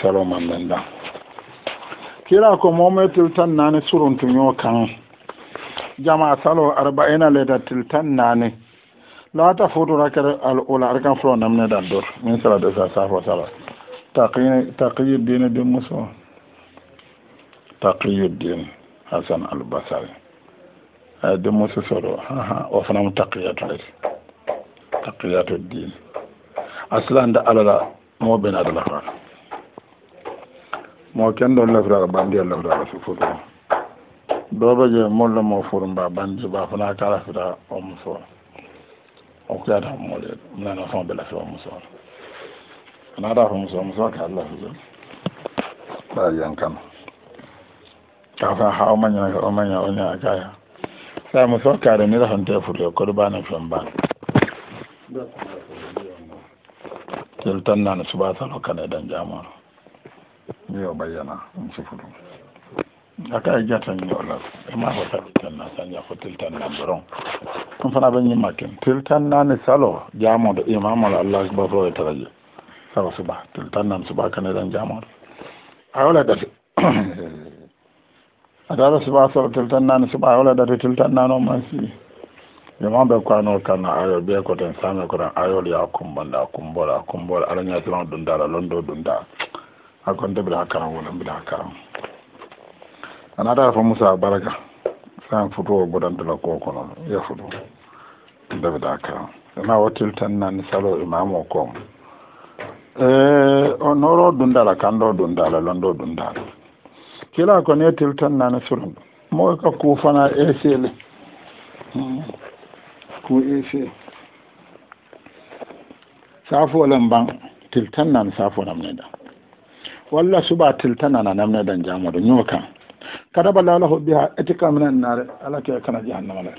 salo man kira ko momen tiltan nani surun kan jama salo arba'ina leda tiltan nani la ta foto rakar al'ula arkan fulo namne da dor min sala da sa safo sala taqiyuddin bin musa taqiyuddin hasan al-basri eh, bin musa soro ha ha wa fanam taqiyatu taqiyatu din aslan da alala mo ben adala mo kendo lafra bandi lafra fi fudu doba je molla mo furum ba bandi ba fana kala fita o muso o ko ada mo le na na fon la fi o muso na da fo muso muso ka Allah fi ba yan kan ka fa ha o manya o manya o nya ka ya sai muso ka da ni da hanta fudu ko ba na fi ba keltan na su ba ta lokana dan jama'a yo bayyana in ci fudu ka yi jatan yi wala ma hota tiltan na sanya ko tiltan na buron kun fana ban yi makin tiltan na ni salo jamo da imamu da allah ba zo ya taraje saba su ba tiltan na su ba ka ne dan jamo a wala da a da su ba salo tiltan na ni su ba a wala da tiltan na noman man si yamma bai kwano kana ayo bɛ ko tan kwatan ko tan ayo ya kumbanda kumbola kumbola aranya tilan dundara london londo akonta bila karam wala bila karam anata fa musa baraka san futo godantula ko kono ya futo dabida karam na watil tan nan salo imamo kom eh, o noro dundala kanɗo dundala londo dundala kila ko netil tan nane surun mo ka hmm. ku fana esele ku ese safo lan ban til tan nan safo nam ne da walla suɓa tiltana na namne dan jamoɗo ñoo kan kada balla ala hoɓɓi ha etika minen naare ala ke kana jahannama la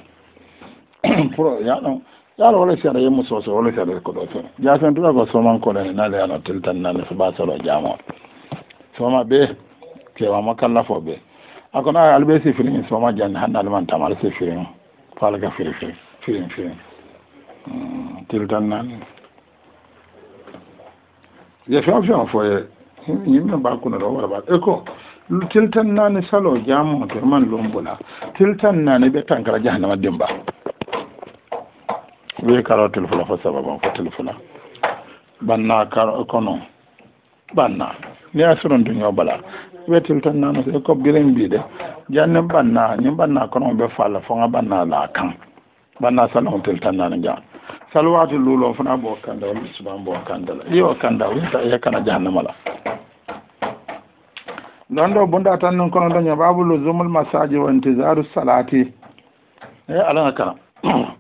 pour ya ɗon yaala wala seeɗa yemmu soose wala seeɗa ko ɗo fene jaafen tuɓa ko na naale ano tiltannane suɓa soɗo jamoɗo soma ɓe kewama kalla fo ɓe akono alɓe si firin soma jani hannde almantama ala si firin faala ka firi firi firin firin hmm, tiltannane je fewo fewo foye yimɓe mbakunoɗo warbaɗo e ko tiltan nani salo jamo to man lumbuna tiltan nani ɓe tankara jahanama dimba wi karo telfula fo sababan fo telfula banna karo kono banna ni asiron duño bala ɓe tiltan nano e ko biren mbiɗe janni banna ñin banna kono ɓe falla fo ga banna la kan banna salon tiltan nani jan salwaati lulo fana bo kanda wala suban bo kanda la yo kanda wala ta ya kana jahannama la non do bunda tan non kono dañe babu zumul masaji wa intizaru salati e ala kana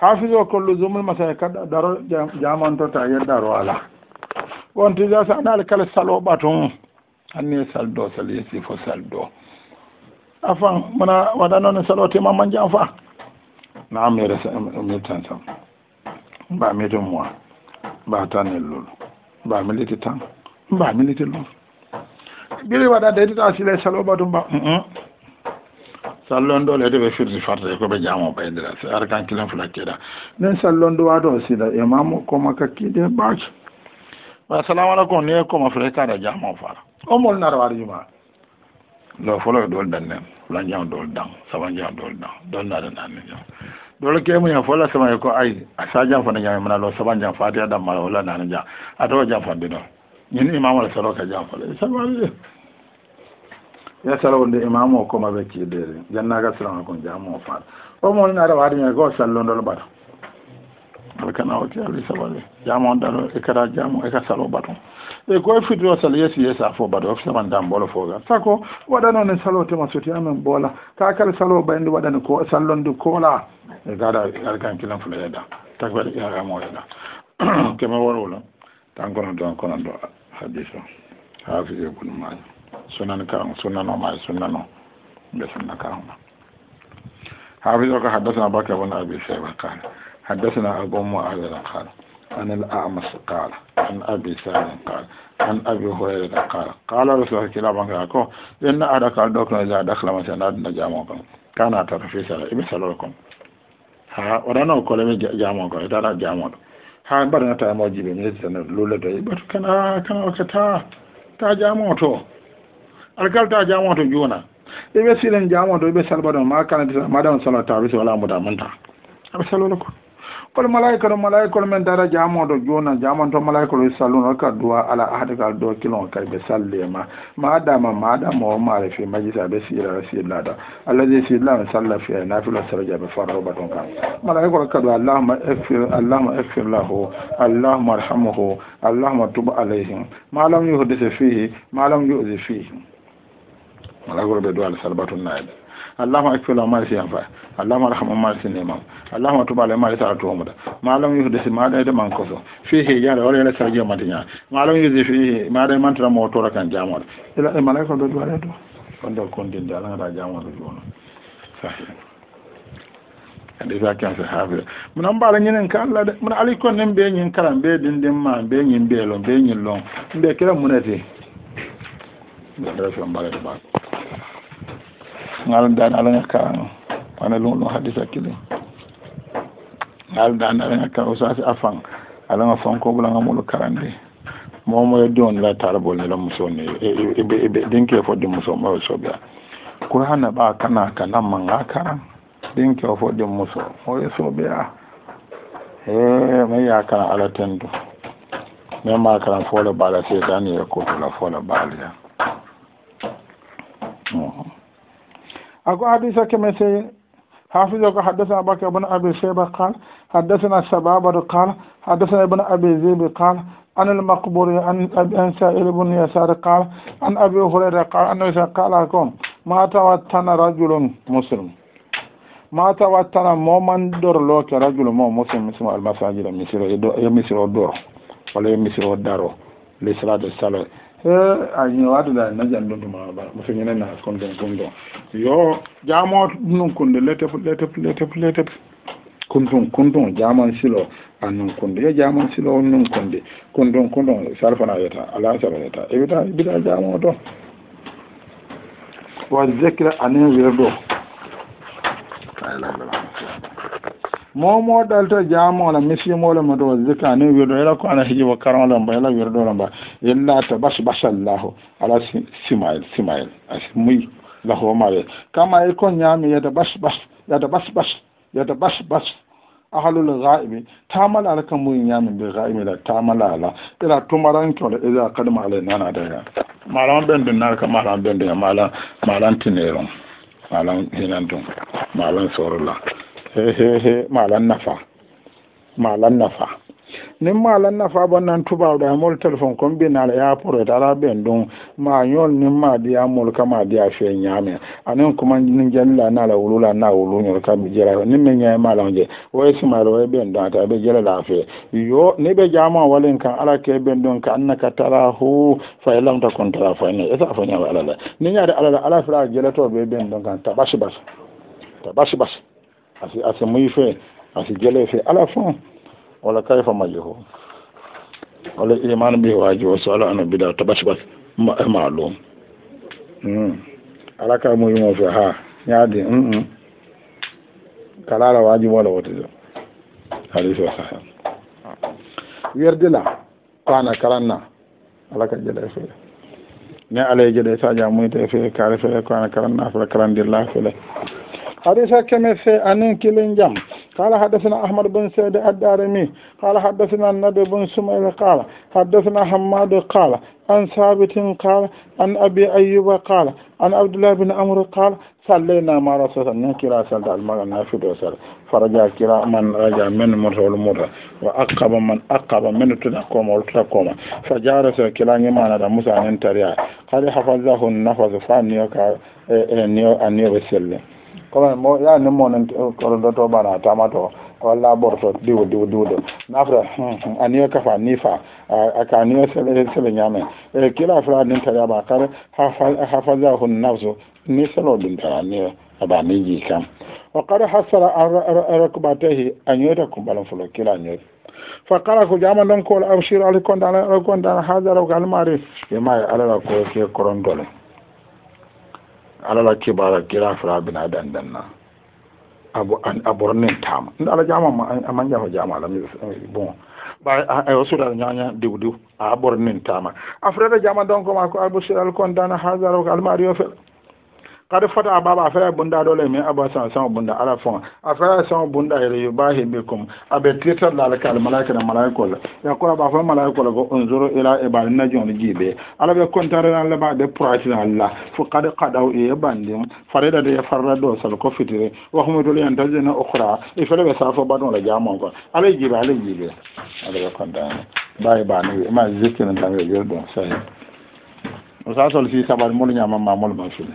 hafizo ko zumul masaji kada daro jamanto ta daro ala won tija sa na kala salo batun anne saldo sal yasi fo saldo afan mana wadano ne salo ma mamman fa. na mere mitan sam ba mili wa ba ta ne lulu ba mili tan ba mili ti lulu biri wada da ita sila salo ba dun ba sallon dole da bai firzi farta ko bai jamo bai da sai har kan kilan fulake da nan sallon duwa da sila imamu kuma ka kide ba shi ba salamu alaikum ne kuma fulaka da jamu fara o mol na rawar juma'a lo folo dol dan nen fulan jam dol dan saban jam dol dan dol na da nan ne dole ke mu ya fola sama ya ko ai asajan fa na ya mana lo saban jan fatiya da mala wala na ja adawa jan fa dino yin imamu da sarauta jan fa sabani ya sarauta da imamu ko ma be de dere janna ga ko kun m'o fa o mo na da wadi me go sallon dol ba alkana o ti ali sabali jamu dalo e kara jamu e ka salo bato e ko fitro sal yesi yesa fo bato ofsa man dam bolo fo ga sako wadano ne salo te masoti amen bola ka kala salo bandi wadano ko sallon du kola gara yarkan kilan fula yada takbar yara mo yada kema warola tan kono don kono do hadiso hafiz ibn majah sunan karam sunan ma sunan be sunan karam حافظ وقال حدثنا بكر بن ابي شيبه قال حدثنا ابو معاذ قال عن الاعمش قال عن ابي سالم قال عن ابي هريره قال قال رسول الله كلا بانك ان احدك الدكتور اذا دخل مثلا نجامكم كان ترى في سنه ابي سلوكم ha waɗano kolemi jamon ko itana jamoɗo ha mbaɗana tamo jiɓe ministre lulle to ɓatu kana ta ta jamo to ta jamo to juna silen jamo to ma ma wala muda manta aɓe salolo ko kono malaikalo malaikalo men dara jamo do jona jamo to jamanto salu no ka dua ala ahad ahadikal do kilon kay be sallema ma adama ma adama o mare fi majisa ɓe sirara sirlada alladhi sirlama salla fi nafilo saraja baton ka ton kan ka dua allahumma ighfir allahumma ighfir lahu allahumma arhamhu allahumma tub alayhim ma lam yuhdise fihi ma lam yuzi fihi malaikalo ɓe be dua salbatun naib allahuma akfilu amal si yanfa allahuma arham amal si nemam allahuma tuba ala amal sa to muda malam yuhde si maɗa de man koso fi he jare wala yala sarje ma malam yuhde fi maɗa mantara mo tora kan jamoɗo ila e malaika do duware do on do kondinde alagata jamoɗo jono sahi ade sa kense haafire mino mbaala ñinen ka allah de mino alay kon nen ɓe ñin kala mbe ɗinɗin ma mbe ñin mbeelon mbe ñin lon mbe kira munete ɓe refe mbalete baako ngal dan ala ka wana lu lu hadisa kile ngal dan ala ka usasi afang ala nga fon ko bula mulu karande mo yo don la tarbol ni la ni e eh, be eh, be eh, ke fo dum muso ma so biya qur'an ba kana kana k'a karan k'e fo dum muso o ye so biya e mai ya kana ala tendo ne ma karan fo la bala sai dan ya ko la fo la bala أكو حديثة كما سي حافظك حدثنا أباك بن أبي شيبة قال حدثنا السبابة قال حدثنا ابن أبي زيب قال عن المقبور عن عن سائل بن يسار قال عن أبي هريرة قال أنه قال لكم ما توتن رجل مسلم ما توتن مومن دور لوك رجل مو مسلم اسمه المساجد مصر مصر الدور ولا مصر الدار لصلاة الصلاة añi waɗuɗa najan ɗonduma ba mo soñinen ha kon ɗon kon ɗon yo jamo ɗum kunde letep letep letep letep kuntum kuntum jaman silo a nun kunde yo jaman silo on nun kunde kuntum kuntum sarfana yeta ala sara yeta ebita bita jamo to wa zikra anen wirdo la ilaha illallah momo dalta mo la mato zika ne wirdo ela ko ana hiji wakkara wi do la mba illa bash llahu ala simail simail asimuy lahu maɓe kama e kon bash yata basbas yata bash yata basbas ahalul ga'ibi tamala la kan mun ñaami be ghaibi la tamala ala ila la ila kadma ala nana daya malan ɓen dun nana ka malan ɓen duya malan malan tineron malan hinan dun malan sorola malan nafa malan nafa nin malan nafa bannan tuba da mol telefon na ya pore tara ben dun ma yol nin ma dia mol kama dia fe nyame anen kuma nin jalla na la wulula na wulu nyol kam jira nin men nyame malan je o esi malo e ben da ta be jira la fe yo ne be jama walen kan ala ke ben dun ka annaka tarahu fa lam takun tara fa ne esa fa nyama ala la nin ya da ala ala fa jira to be ben dun kan ta bashi bashi ta bashi bashi asi asi muy fe asi jele fe ala fon wala kayfa maƴƴe ko wala iman ɓi waji o so hmm. ala ana bida taɓat ɓat maɗum ala kay muyumo fe ha ñaadi hmm, hmm. kala ala waji mola wote de hadis wa sahi wirde la kana karanna ala ka jele fe ne alay jele sa jamuy te fe kare fe kana karanna fala karandir la fele حديث كما في أنين كلين جم قال حدثنا أحمد بن سعد الدارمي قال حدثنا النبي بن سميل قال حدثنا حماد قال عن ثابت قال عن أبي أيوب قال عن عبد الله بن أمر قال صلينا مع رسول الله كلا سلطة المغنى في دوسر فرجع كلا من رجع من مرة والمرة وأقب من أقب من تنقوم والتقوم فجاء رسول كلا يمانا موسى ننتريع قال حفظه النفذ فان يوكا نيو أن يوسلم kono mo ya ne mo nan kono do to bana ta ma to ko la borto diwo diwo diwo do na fra ka fa ni fa aka ni sele sele nyame e kila fra nin ta ba kar ha fa ha fa za ni selo din aba ni ji kam wa qad hasara rakbatahi aniyo ta kumbalan fulo kila aniyo fakala ko jama don ko al amshir al kondana al kondana hadara ko al mari yema ala ko ke korondole ala la kibara kira fara bina dan dan na abu an abornin tam inda ala jama ma aman jama jama la mi bon ba ay osura nyanya diwdu abornin tama da jama don ko ma ko albushir al dana hazaro al mariyo fel kad fata ababa a fɛya bunda dole le min aba san san bunda ala fɔn a fɛya san bunda yɛrɛ ba bahi bikum a bɛ tirita lali ka almalaki na malayikɔ la ya kɔrɔ b'a fɔ malayikɔ la ko unzuru ila ibadi na jɔn ji ala be kɔntare na laba de purasi na la fo kad kadaw e ye banden fari da de ye farida dɔ sali ko fitiri wa kuma dole yan taje na ukura i fɛnɛ bɛ sa fɔ ba dɔn la jaama kɔ ala ji bɛ ala ji bɛ ala bɛ kɔntare bayi ba ne ma zikirin da bɛ yɔrɔ dɔn sayi o sa sɔli fi sabari mɔlu ɲama ma mɔlu ma fili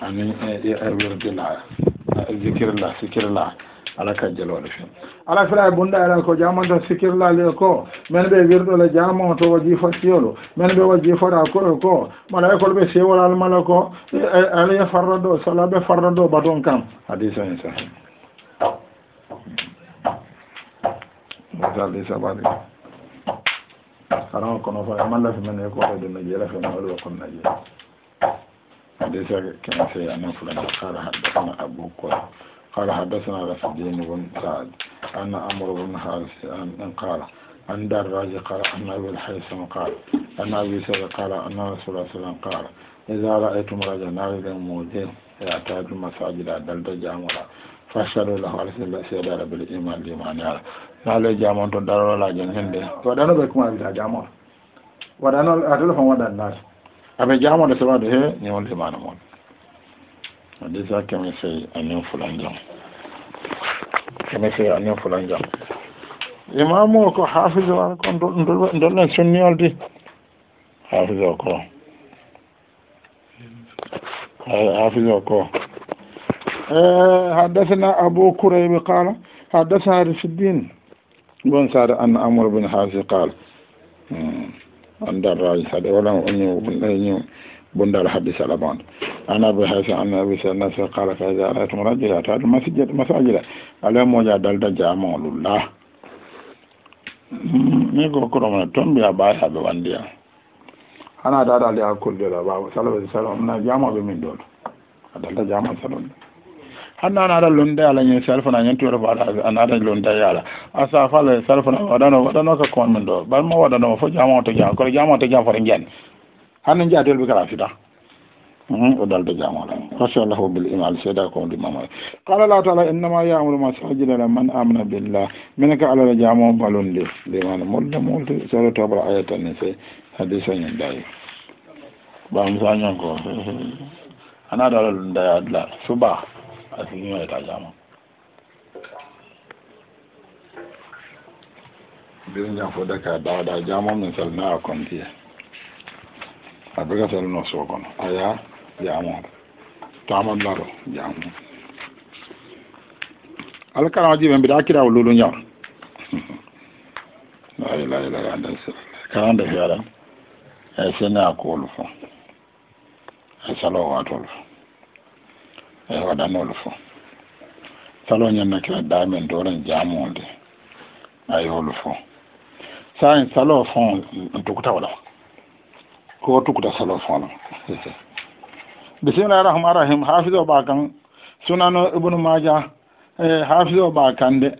amin wirdila zikirla sikirla ala ka jelole fen ala fira bunda ala ko jamanta sikirlale ko men ɓe wirɗole jamao to waji fatiyolo men ɓe waji fota koye ko malaykol ɓe sewolal mala ko alaye farra ɗo sala ɓe farra ɗo baton kam hadisa en sah misalde sabaɗi haran kono fa mallafe men e koɗo ɗum no jeela fe maɗo kon najeeya حديث كما في أن فلان قال حدثنا أبوك قال حدثنا رفع رفدين بن سعد أن أمر بن حارث أن قال عن دراج قال أن أبي الحيثم قال أن أبي سعد قال أن رسول الله صلى الله عليه وسلم قال إذا رأيتم رجلا رجلا موجه اعتاد المساجد دلت جامرة فاشهدوا له على سبيل سيدار بالإيمان لمن يرى نالي جامون تدرر لا جنهن دي ودانو بكم على جامون ودانو أتلفون ودان ناسو أنا أنا أنا أنا أنا أنا أبي جامع السبعة أنا نقول ما نقول هذا كم يسوي أنيم أنا جام كم يسوي أنيم فلان جام إمامه أنا حافظ وانا كون دول دول دول نسني أنا دي حافظ وكو حافظ وكو أه، حدثنا أبو أنا قال حدثنا رشدين بن سعد أن أمر أنا حازم قال mm andal raji hade walan oñu ñu bundal hadis ala bonde an abi haysa an abi sanna sa qala fa iza ra'aytum rajula ta'tu masjid masajida ala moja dal da jamulullah hmm, ni ko ko ma tombi aba ha be wandiya ana da dal ya kulle da ba sallallahu alaihi wasallam na jama be min dol dal da jama sallallahu hanna na dal lunda dala nyen salfa na nyen tuwer ba da na dal lon dala asa fa la salfa na wadano wadano ka kon min do bal ma wadano fo jama to jama ko jama to jama fare ngen hanna jatel bi kala fita o mm-hmm, dal dalde jamola allahu bil imal seeda ko ndi mama qala allah taala innama yamuru masajidana man amana billah min ka alala jamo balonde limana molde molde soro ayatan ayatani se hadisa ñen dayi ɓam sañon ko ana dalal daya adla suba asilimia ya wataalamu. birinjan fo daka dawda jamo min salna a kontiye a bega salno so kono aya jamo tama laro jamo alkana jibe mbiɗa kira o lulu ñaw la ilaha illa anda karande feeɗa e sene a koolu fo e salo watolu fo e waɗanolu fo saloñanna kila damen doren jamude a yolu fo sayin salo fon tukuta wala ko tukuta salo fon bisimila rahman rahim hafizo ɓa kan sunano ibnu maja eh, hafizo ɓa kan de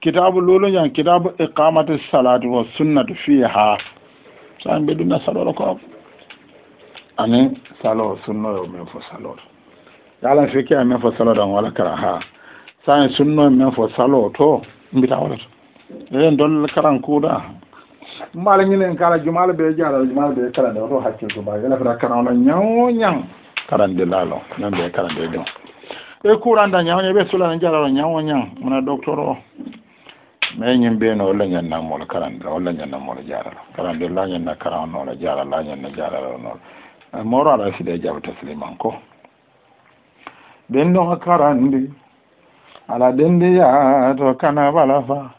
kitabu luluñan kitabu iqamati salatu wa sunnatu ha sayin ɓe ɗumna saloɗo ko anin salo sunnoyo min fo saloɗo talan fiki a men fo salo ɗan wala kara ha sani sunno men fo salo to ta wala to eɗen eh, don karan kuuɗa mbaala ñinen kala jumala be jaara jumala to hakki ko ba mba fara karan ola ñaw karan de lalo nan be karan de do e da eh, kuranda ñawñe ɓe sulana jararo ñawo ñaw mona doktoro me nyim be no nyen na mol karan mbiyeno wala nyen na mol ñannamoolo karan de la nyen na karan noola jara la nyen ñanna jarara noola moro ala fi de jaɓa tasliman ko dendo karandi ala dende ya to kana bala fa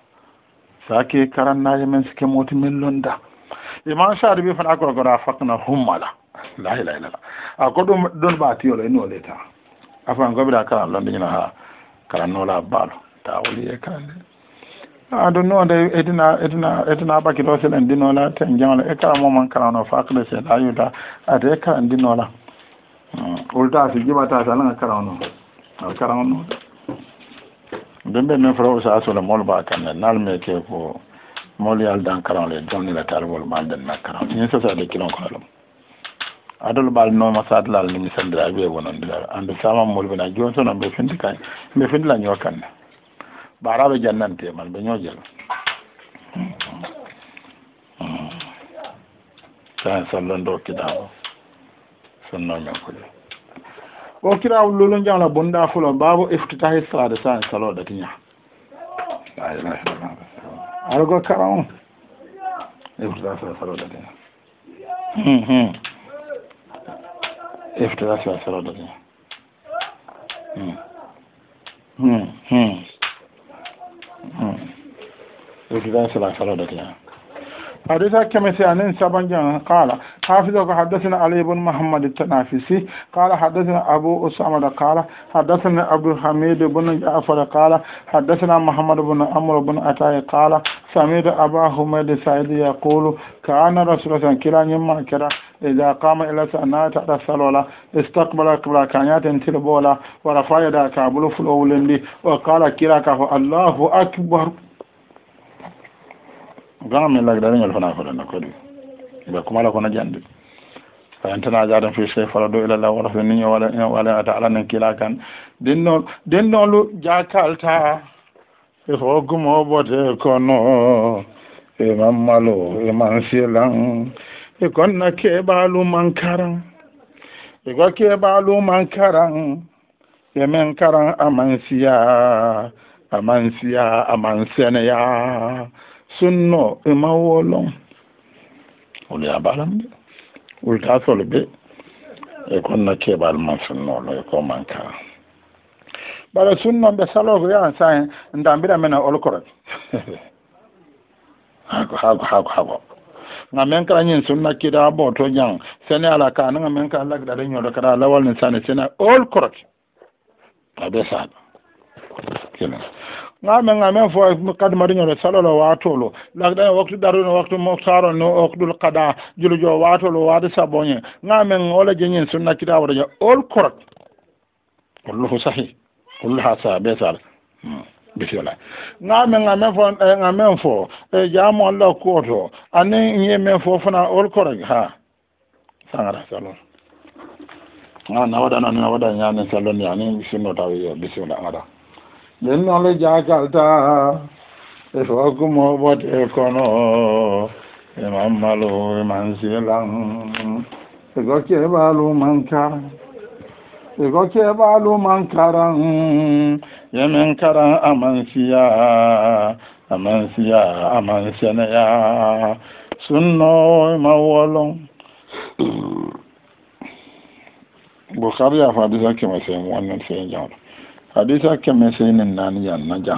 sake karannaje men suke moti min iman sha sadi ɓe fana akoro goɗa fakna humala la ila la a ko ba ɗon la e leta afan da karan londe ñina ha karannola balo ta woli ah, e don aɗo da edina edina edina bakilo selen dinola ten jamala e kara na karano fakle seeɗa ayuda ade e karan dinola Mm. ulta si jiba ta sa langa karawno al karawno bembe men fara usa aso la mol ba kan nal me ke ko mol yal dan karawle le jonni la tar wol mal den na karaw ni sa sa de kilon ko lam adol bal no ma sat lal ni sandra be wonon dal ande sama mol bena jonso non be findi kan be findi la nyokan barabe jannante man be nyojel kan mm. mm. sallon do kidabo sunno ñankule o kirawu lolo bonda fulo babu iftitahi sade salo da tiña argo kara on iftitahi salo da tiña iftitahi sa salo da tiña iftitahi sala salo da tiña hmm. hmm, hmm. حديث كما سيانين سبن قال حافظك حدثنا علي بن محمد التنافسي قال حدثنا أبو أسامة قال حدثنا عبد الحميد بن جعفر قال حدثنا محمد بن عمرو بن عطاء قال سمعت أبا حميد سعيد يقول كان رسول الله كلا يما كرا إذا قام إلى سنة تعالى الصلاة استقبل قبل كانيات تلبولا ورفع يدك أبو فلولندي وقال كلا الله أكبر gana min lagdariñol fana foɗenna kodi ɓe kumala kono jandi fayantana jaɗen fi sey fala do wala warata ni wala wala ata ala nen kila kan ɗin noon ɗin noon lu jakalta e hokkumo bote kono e mammalo e man silan e na ke man karan e go ke man karan e men karan amansiya siya amansene siya súnà ìmáwó ọlọ́run olè abárambe olùdásọ̀rọ̀ bẹ́ẹ̀ ẹ̀kọ́ nàkẹ́ ìbálòmọ̀ súnà ọ̀lọ́ ẹ̀kọ́ máa ń kà á bara sunnon ɓe saloko yahan sahen dambira men olkorat hako hako hako hako ngam men kala ñin sunna kiɗa bo to jang sene ala kana ngam men ka lagɗaɗe ñoɗo kada lawal ne sane sene olkorat aɓe kina ngame ngame fo kad mariñore salolo watolo lakɗan waktu ɗaruno waktu moktaro no okdul kada julujo watolo waade saboñe ngamen ola jeñin sunna kitaboraja ol korot kulluhu sahi kullu ha sa ɓe sala hmm. bisola ngame ngamen fo eh, ngamen fo e eh, jamo allah ani nye yemen fo fana ol korot ha sangara salolo nga nawaɗanani nawaɗa ñanen saloni anin sunnotawi bisimilla ngara linnole jakalta e fokkumo bote kono e mammalo e man silan e go keɓalu mankara e go keɓalu mankaran yemin karan ya fa wannan حديثا كما سين النانيا النجا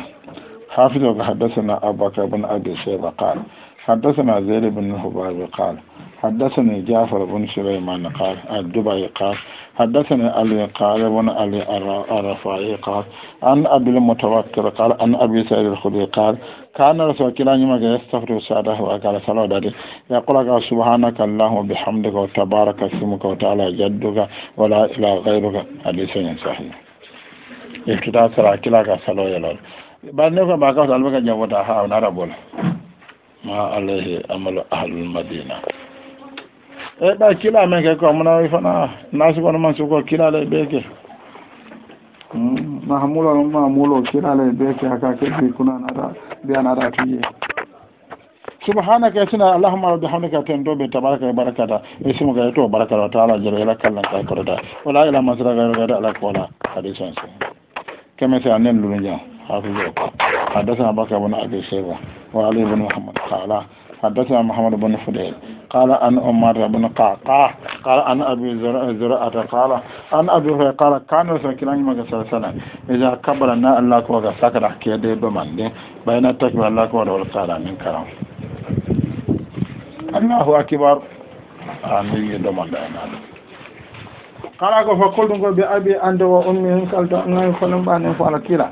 حافظ حدثنا أبو بكر بن أبي شيبة قال حدثنا زيد بن حباب قال حدثني جعفر بن سليمان قال الدبي قال حدثني علي قال بن علي الرفاعي قال عن ابي المتوكل قال عن ابي سعيد الخدري قال كان رسول الله يما يستغفر ساده وقال صلى الله عليه يقول سبحانك اللهم وبحمدك وتبارك اسمك وتعالى جدك ولا اله غيرك حديث صحيح e kita sara kila ka salo yelol ba ne ko ba ka sal ka ta ha on arabol ma alayhi amalu ahlul madina e ba kila men ke ko mona wi fana nasu ko man su ko kila le beke mahamulo hmm, mahamulo kila le beke aka ke bi kuna nada bi anada tiye subhanaka suna allahumma wa bihamdika tantobe tabaraka wa barakata e, ismu ga yato barakata ta'ala jalla kallon kai korda wala ila masra ga ga ala kola hadisan sai كما سأنين لنجا حافظه حدثنا بكر بن أبي شيبة وعلي بن محمد قال حدثنا محمد بن فديل قال عن عمر بن قعقاع قال عن ابي زرعه قال عن ابي هريره قال كان رسول الله صلى الله عليه وسلم اذا كبر الناء الله كوغا سكر حكي دي بمن دي بين التكبير الله كوغا والقال من كرم الله اكبر امين دومان دايما kala ko fa koldum ko ɓe abi ande o ummi hen kalta nayi kolen ɓanen fo ala kila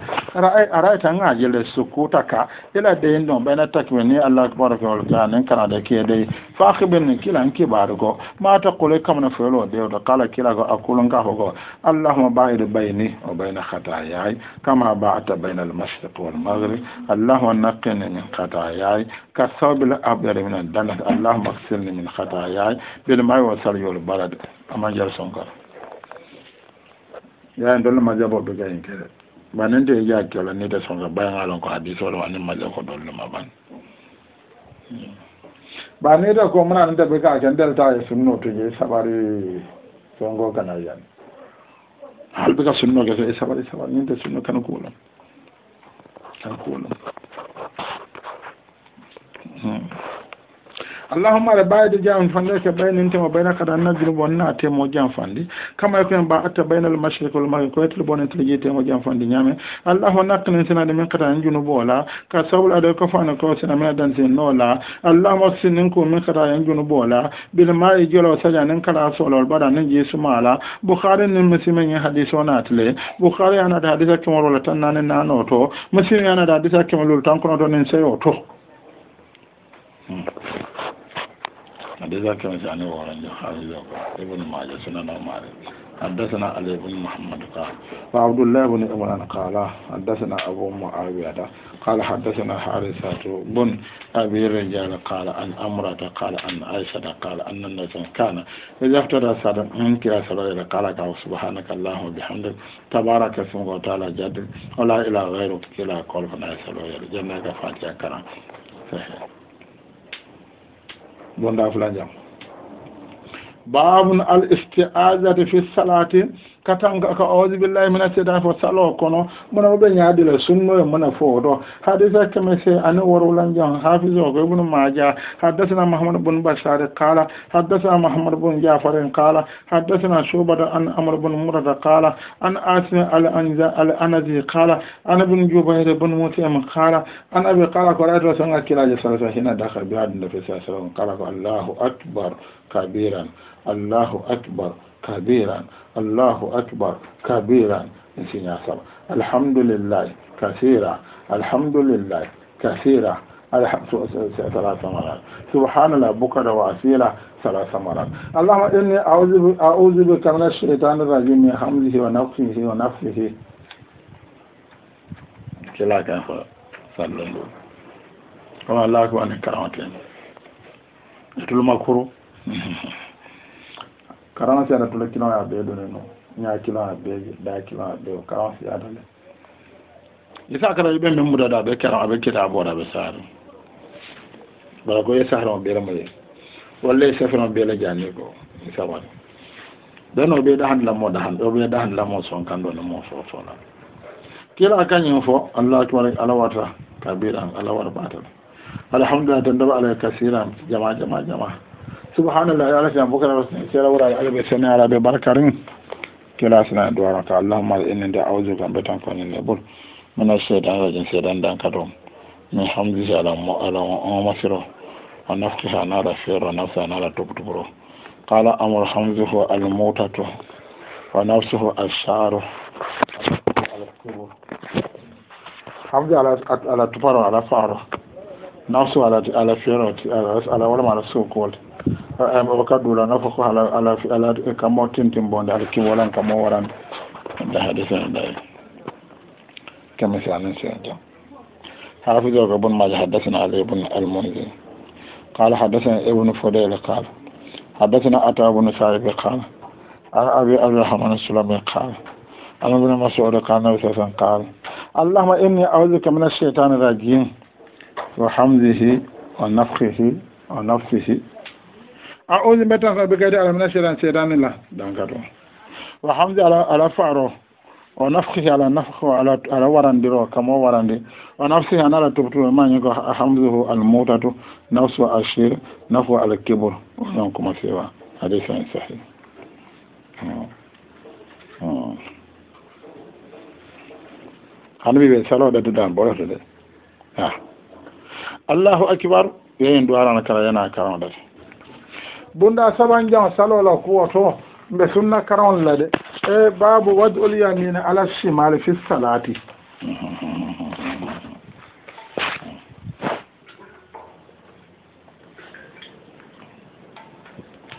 arayta ngajile sukkuta ka ila deyin ɗon ɓayna takme ni allah baraka wal tanen kanada ke dey fa kila kilan kibaru ko ma takkule kamne foyolo dewto kala kila ko akkulon ka foko allahuma ba'idu bayni o bayna hatayay kama ba'ata bayna almashriq walmaghrib allahuma naqqini min hatayay ka sawbil abdari min aldanat allahuma aksilni min hatayay bil mayi wa salyol balad ama jal sonkara yayin dole mazaba bi gayin kere ba nan da ya kyola ne da son bayan alon ko hadisi wala wani mazaba ko dole ma ban ba ne da ko muna da bi ka kan delta ya sunno to je sabari songo kana yan hal bi ka sunno ga sai sabari sabari ne da sunno kana ko lan kan ko lan allahumma ala bayde jam fande ke bayninte mo bayna kada annajjuru bon naate mo jam fandi kama ko en ba atta baynal mashriq wal maghrib ko etel bon entel jeyte mo jam fandi ñaame allahu nakkinen sinade min kata en junu boola ka sabul ade ko fana ko sina mina dansin noola allahuma sinin ko min kata en junu boola bil maayi jolo sadia nin kala solol baɗa nin jee sumala bukhari nin misimen yin hadise o naatile bukhari anade hadisa kemorola tan nani nano to musimi anade hadisa kemalol tan nin حديثا كما سأل ورد خالد ابن ماجه سنن مالك حدثنا علي بن محمد قال وعبد الله بن عمران قال حدثنا أبو معاوية قال حدثنا حارثة بن أبي رجال قال أن أمرة قال أن عائشة قال أن الناس كان إذا افترى سر منك يا سبيل قال كاو سبحانك اللهم وبحمدك تبارك اسمك وتعالى جدك ولا إله غيرك إلا قول فنا يا سبيل جنة فاتحة كرام صحيح bonda fulanja babun al isti'azati fi salati katanga ka awdi billahi min aseda fo salo kono mona be nyaade la sunno e mona fo do hadisa kama se an warulan jan hafizo o ibn maja hadathana muhammad bin bashar qala hadathana muhammad bin jafar qala hadathana shubada an amr bin murad qala an asma al anza al anzi qala ana ibn jubair bin mutim qala an abi qala qala rasulullah kilaje sallallahu hina dakhal bi adin fi sallallahu qala allahu akbar kabiran allahu akbar كبيرا الله أكبر كبيرا الحمد لله كثيرا الحمد لله كثيرا ثلاث مرات سبحان الله بكرة وأسيرة ثلاث مرات اللهم إني أعوذ بك من الشيطان الرجيم من حمده ونفسه ونفسه كلا كان صلى الله كما الله أكبر أنك كرامة لنا مكرو karansi ada tole kilon ya be dole no nya kilon ya be da kilon ya be karansi ada le isa kala ibe min muda da be karan abe kita abora be sare bara ko isa haron be ramaye walle isa faron be la jani ko isa wa dan obe da han lamo da han obe da han lamo son kan do mo fo fo la kila kan yin fo allah akbar alawata kabiran alawar batal alhamdulillah dan daba ala kasiran jama'a jama'a jama'a subhanallah ya rashin abokan rasu sai raura da alibai sani ala bai barkarin kila suna da duwara ka allah ma inin da auzu kan betan kwanin lebur muna shaidan rajin shaidan dan kado min shi shalan mu'alan wa masiro wa nafsu shana da fiyarwa nafsu shana da tubtuburo kala amur hamzi ko almutatu wa nafsu ko asharu hamzi ala tufaro ala faro nafsu ala fiyarwa ala wani mara su kowace wakadula nafako ala ala ala kamo tintin bonde ala kiwolan kamo waran da hadisani ɗayi kemi salin seejo حافظه ابن ماجه حدثنا علي بن المنذر قال حدثنا ابن فضيل قال حدثنا أتى بن سعيد قال عن أبي عبد الرحمن السلمي قال عن ابن مسعود قال النبي صلى الله عليه وسلم قال اللهم إني أعوذ بك من الشيطان الرجيم وحمده ونفخه ونفسه a ozi betan sa bika da alamina shedan shedan la dan ka wa hamza ala faro wa ala ala wa ma ko kuma allahu yana karanɗe bunda saban jan salola kuwoto be sunna karon lade e babu wad'ul yamin ala shimal fi salati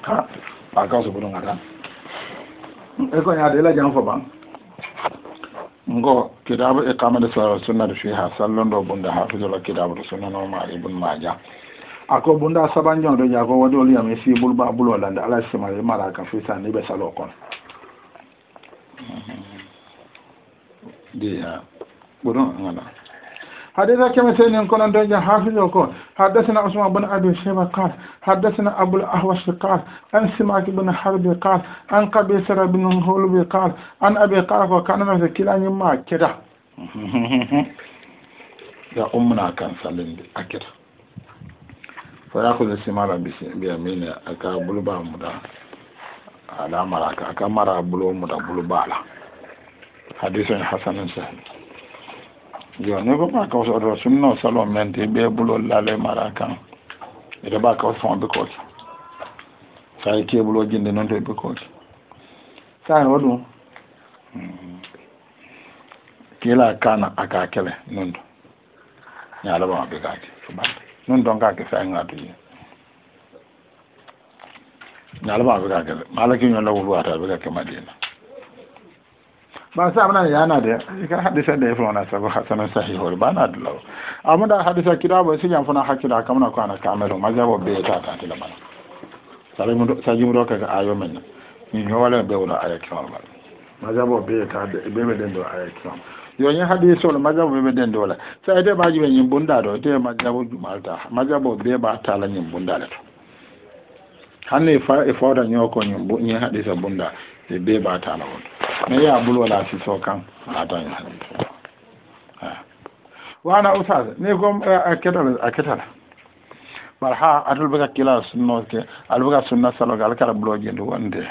ha aka so bunun ada e ko ya de la jan fo ban ngo kitabu iqamatu sunnah fiha ha sallon do bunda hafizul kitabu sunnah no ma ibn majah ako bunda sabanjon do jago wado liya me si bulba bulo la da ala sema le mara ka fisa ni be salo kon dia bodo ngana hadira kema tenen kon do ja hafizo ko hadathana usman bin abi shayba qal hadathana abul ahwas qal an simak bin harb qal an qabisa bin hulub qal an abi qala ko kana na kilani ma keda ya umna kan salin akira fara ku da si mara biya mini a ka bulba mu da ala mara ka aka mara bulo mu da bulba la hadisun hasanin sa yo ne ko ba ka so do sunno salo men te be bulo la le mara kan ida ba ka so on be ko sai ke bulo jinde non to be ko sai wadu hmm. kila kana aka kele non to ya alaba be ka ke nun don ka ke sai ngatu yi nyalma be ka ke malaki nyon la wulu ata be ka ke madina ba sa mana yana da ka hadisa da ifro na sabu hasan sahihu ba na da lawo amma da hadisa kitabu sai yan funa hakira kamar ko ana kamaru mazabo be ta ta ti tilama sai mu sai mu roka ga ayo men ni yo wala be wala aya kamar ba mazabo be ta da be be den do aya kamar yo yoyin hadisol majabu ɓe ɓe dendola so ede maji bunda do ete majabu jumalta majabu be ba ta la bunda la to hanne fa e fawda ñoko ñi hadisa bunda e be ba ta la won me ya bulwala siso kan a wa wana usaz ne kom a ketala a ketala bar ha kilas no kila sunnoke albuka sunna kala blogi bulojinde wonde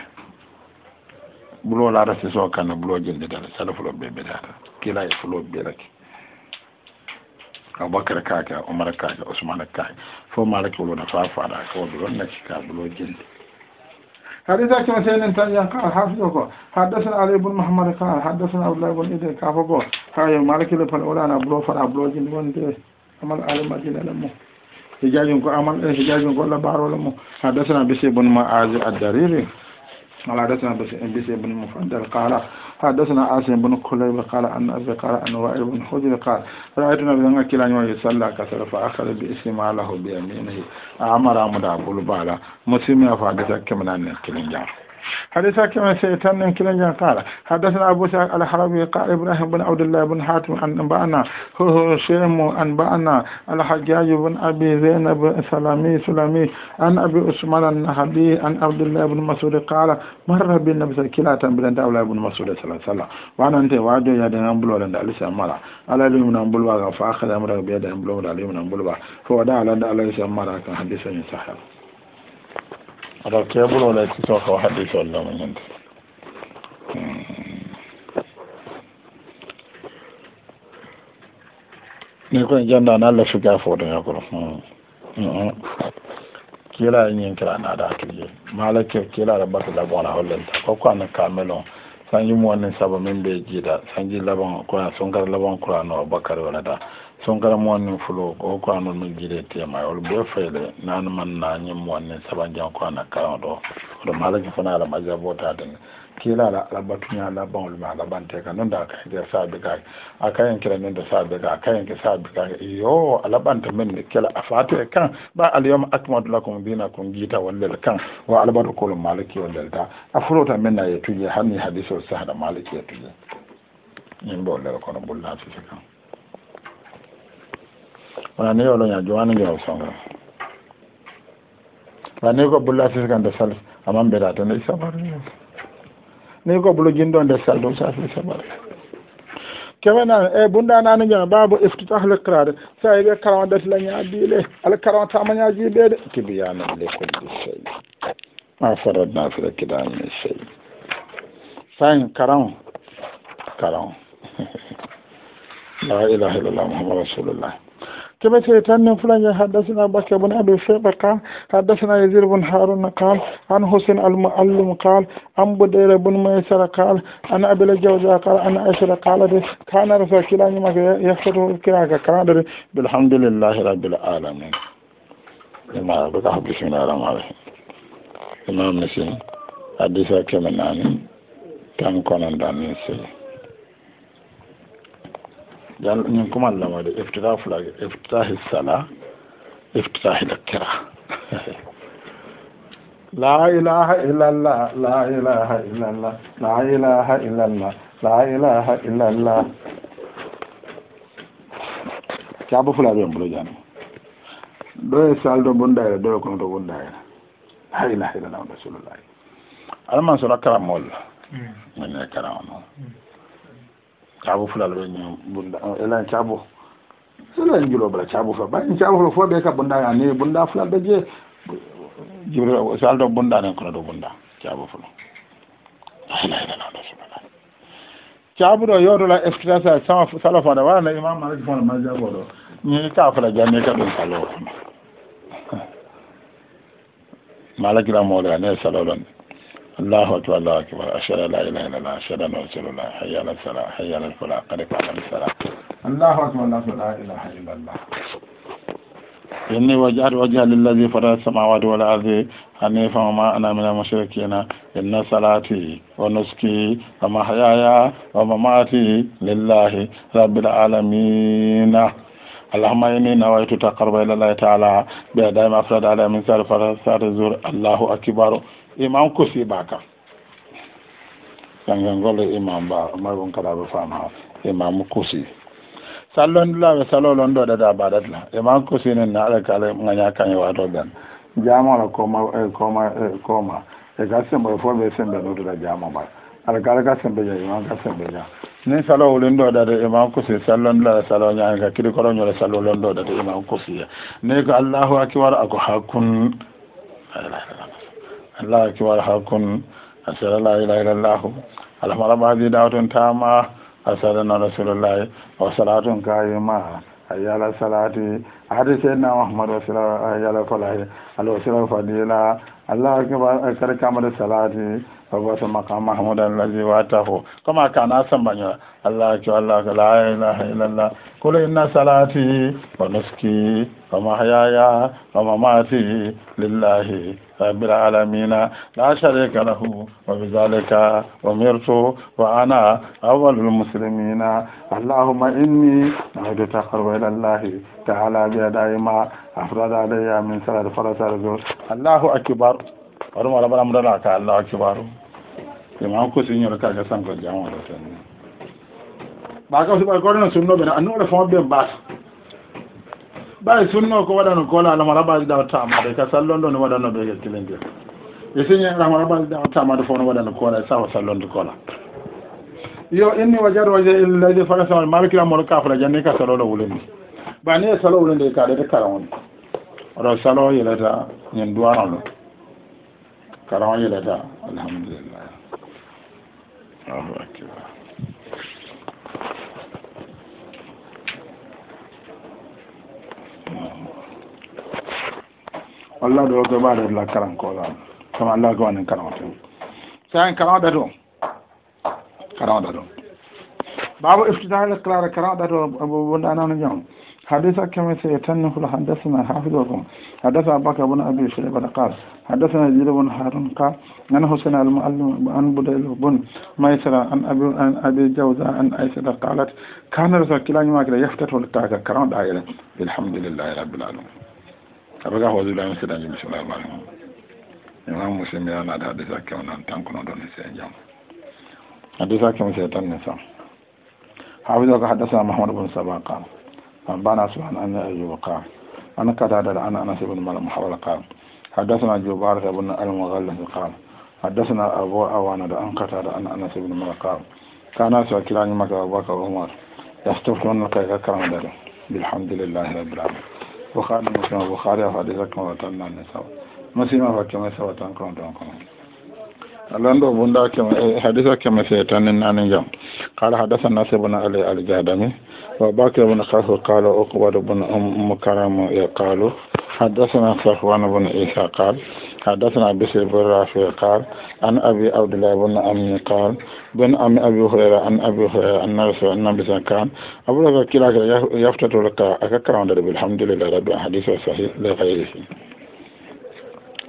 bulo laata sisoo kana bulo jendetala sala fulo ɓe ɓetata kila e fulo ɓelake aboubacar kake oumar kake ousmane kake fo malake wolona fa faɗa ko ɗon naki ka bulo jende حديثا كما سيدنا تانيا قال حافظه حدثنا علي بن محمد قال حدثنا عبد الله بن إيدي كافو قال قال مالك اللي فالأولى أنا بلو فلا بلو جن وان دي عمل علي مدينة لمو حجاج عمل حجاج قول لبعر ولمو حدثنا بسي بن معاذ الدريري قال حدثنا بشير بن مفضل قال حدثنا عاصم بن كليب قال أن أبي قال أن وائل بن حجر قال رأيت نبي كلا يصلى كثر فأخذ باسم له بيمينه أمر أمر أبو البالا مسلم يفعل كمنا نكلين جاه حديث كما سيتن كلا قال حدثنا أبو سعيد الحربي قال إبراهيم بن عبد الله بن حاتم أنبأنا هو شيم أنبأنا الحجاج بن أبي زينب سلامي سلامي عن أبي عثمان النهدي عن عبد الله بن مسعود قال مر بالنبي صلى الله عليه وسلم دولة بن مسعود صلى الله عليه وسلم وأنا أنت واجه يا دين بلو لنا لسه مرة على لي من بلو فأخذ أمره بيد بلو على لي من بلو فهو دعا لنا لسه مرة كان حديث صحيح wala ci so ko ka so walla mo nyande hmm. ni ko e janda na Allah suka fodo ya ko hmm. hmm. kila e en kila na da tuje malake kila da ba da bona hollen ko ko an kamelo sanji mo ne sabo min be jida sanji laban ko sun gar ko qur'ano bakar wala da sonkara muwannin fulo ko ko anon min jire tema wol be fayde nan man na nyim muwannin saban jan ko na kan do do mala ki fana ala majabo ta den la la alabatu nya la ban wol ma ban te kan non da ka der sa be ka akayen kira non da sa a ka akayen ki sa be ka yo ban ta min kila afatu e kan ba al yawm akmad lakum dinakum gita wallal kan wa alabatu kul maliki wallal ta afulo ta min na tuje hanni hadisul sahada maliki yetuje nyimbo ko no bulla fi kan wona ni yolo wani jowani ngewo songa wa ni ko bulla sis kan de sal aman mbeta tene i sabaru ni ko bulo jin ɗon de sal ɗum safi sabaru kewenani e bunda nani jama babu iftitah le krade sa yeɓe karan datila ñaabile ala karan tamaña jiɓede tibiyanan le kulli shey ma faradna fila kidamin shey sain karam karam. la ilaha illallah muhammad rasulullah كما سيتان فلان حدثنا بكر بن أبي شيبة قال حدثنا يزيد بن هارون قال عن حسين المعلم قال عن بدير بن ميسر قال عن أبي الجوزاء قال عن عائشة قالت كان رسول الله يفتح كراك قال بالحمد لله رب العالمين إمام بك بسم الله الرحمن الرحيم إمام نسي حديثة كمناني كان كونان دانين سي yan ñin kumal lamade iftita fulage iftitahi sala iftitahi lakkira la ilaha illallah la ilaha illallah la ilaha illallah la ilaha illallah caba fulaɓe en bolo jani ɗo e saldo bondayre ɗo e kono to bondayre la ilaha illallah rasulullah alaman sora karamolla mene hmm. karama hmm. caabu fulal ɓe ñam bunda elan eh, caabu elan julo bala caabu fulal ɓaɗen caabu fof ɓe ka bunda ani bunda fulal ɓe jee jibril so alɗo bunda nen kono ɗo bunda caabu fulal lailailaɗo subhanal caabu ɗo yewtola eftirasa sala fonde warana imam maliki fonde ma jaabo ɗo ñii ka fula janni ka ɗum saloo kono malakira moolea ne salolonde الله أكبر الله أكبر أشهد أن لا إله إلا الله أشهد أن رسول الله حي على الصلاة حي على الفلاح قد قام الصلاة الله أكبر الله لا إله إلا الله إني وجهت وجهي للذي فطر السماوات والأرض حنيفا وما أنا من المشركين إن صلاتي ونسكي ومحياي ومماتي لله رب العالمين اللهم إني نويت تقرب إلى الله تعالى بأداء ما أفرد على من سال فرسات الزور الله أكبر iman kusi ba kan gangangolo imam ba marun kada be fam ha imam kusi sallon la be salo lon do da badat la imam kusi ne na ala kala nganya kan yo ato dan jama la koma eh, koma eh, koma e ga sem bo fo be sem be do da jama ba ala kala ga sem be ya imam ga sem be ya ne salo lon do da imam kusi sallon la salo nya ka kiri koro nyola salo lon do da imam kusi ne ga allahu akbar ako hakun Allah Allah allah kiwar harkun asara la ilaha illallah alhamara ba bi dawton tama asara na rasulullahi wa salatun kayima ayyala salati hadi sayyidina muhammad wa sallallahu ayyala falahi alwasila fadila allah kibar karkama da salati فقوت مقام محمود الذي واتاه كما كان سمعني لا الله ونسكي ومماتي لله rabbil alamina la sharika lahu wa bi zalika umirtu wa ana awwalul muslimina allahumma inni a'udhu taqarrubu ila allah ta'ala bi da'ima afrad alayya min sarar faratar allahu akbar bari mu rabbana mudana ka allahu akbar imam ku sinyar ka ga ko jama'a da sanni ba ka su ba ko ne sunno bin annu da fa'ab bin ba ɓay sunno ko waɗano kola alamaɗa ɓawi dawa tamade ka sallondo no waɗanno ɓe kel kilengel e siñe alamaɗa ɓawi dawa tamade fof no waɗano kola e sawa sallondo kola yo inni wajar waje illadi fakasama malkiramol kafra janni ka salolo wulindi ɓa ni e salo wulindi kaɗete karan woni oɗo salo yeleta ñin duwaran ɗum karan o yeleta alhamdulillah allahu akbar allah ɗo ɗo ɓaɗe la karankoɗa kama allah gowanen karanto sahen karanɗa to karanɗa babu حدث كما سيتن في حدثنا حافظ وكم حدث أباك بن أبي شريب قال حدثنا جيل بن هارون قال أن حسين المعلم أن بديل بن ميسرة عن أبي عن أبي جوزة عن أيسرة قالت كان رسول كلا ما كده يفتح للتاجة كرام دائرة الحمد لله رب العالمين أبقى هو ذو الله مسلم جميع الله الرحمن إمام مسلم يانا حديث كما نعم تنكون دون سيجام حديث كما سيتن نسام حافظ حدثنا محمد بن سبا قال بنا سبحان أن أيوب قام أنا كذا عن أنس بن مالك محاولة قام حدثنا جبارة بن المغلس قال حدثنا أبو أوانا عن قتادة عن أنس بن مالك قال كان سوى كلاني مكة أبو بكر وعمر يستفتون كيف كان ذلك بالحمد لله رب العالمين بخاري مسلم بخاري حديث كما وتعلم النساء مسلم فكما سوى تنكرون تنكرون لن دو بندا كما حديثا كما سيتان نان جام قال حدثنا سبنا علي الجادمي وباكر بن خلف قال عقبة بن أم كرم قالوا حدثنا صفوان بن عيسى قال حدثنا بشر بن رافع قال عن أبي عبد الله بن أمي قال بن أم أبي هريرة عن أبي هريرة أن رسول النبي كان أبو لك كلاك يفتت لك أكاكرا بالحمد لله رب الحديث صحيح لغيره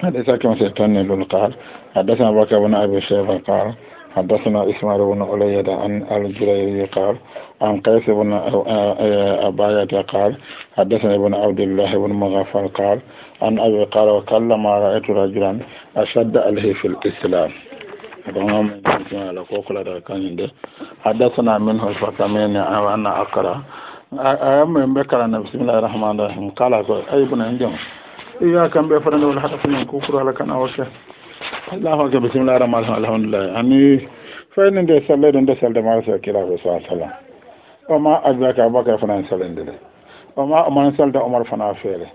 حدثنا كما سيتنى قال حدثنا بكر بن أبي شيبة قال حدثنا إسماعيل بن علي عن الجريري قال عن قيس بن أباية قال حدثني ابن عبد الله بن مغفر قال عن أبي قال وكلم رأيت رجلا أشد عليه في الإسلام حدثنا منه الفكمين أنا أقرأ أيام بكر بسم الله الرحمن الرحيم قال أي ابن عندهم iya bai fara wala haɗa ko kufuro ala kana awakke allahu akbar bisimillah arrahmani rahim alhamdulillahi ani da nde salleɗo nde selde marasa kilaɓe sa a oma ka kai fana ma de man oman da umar fana feere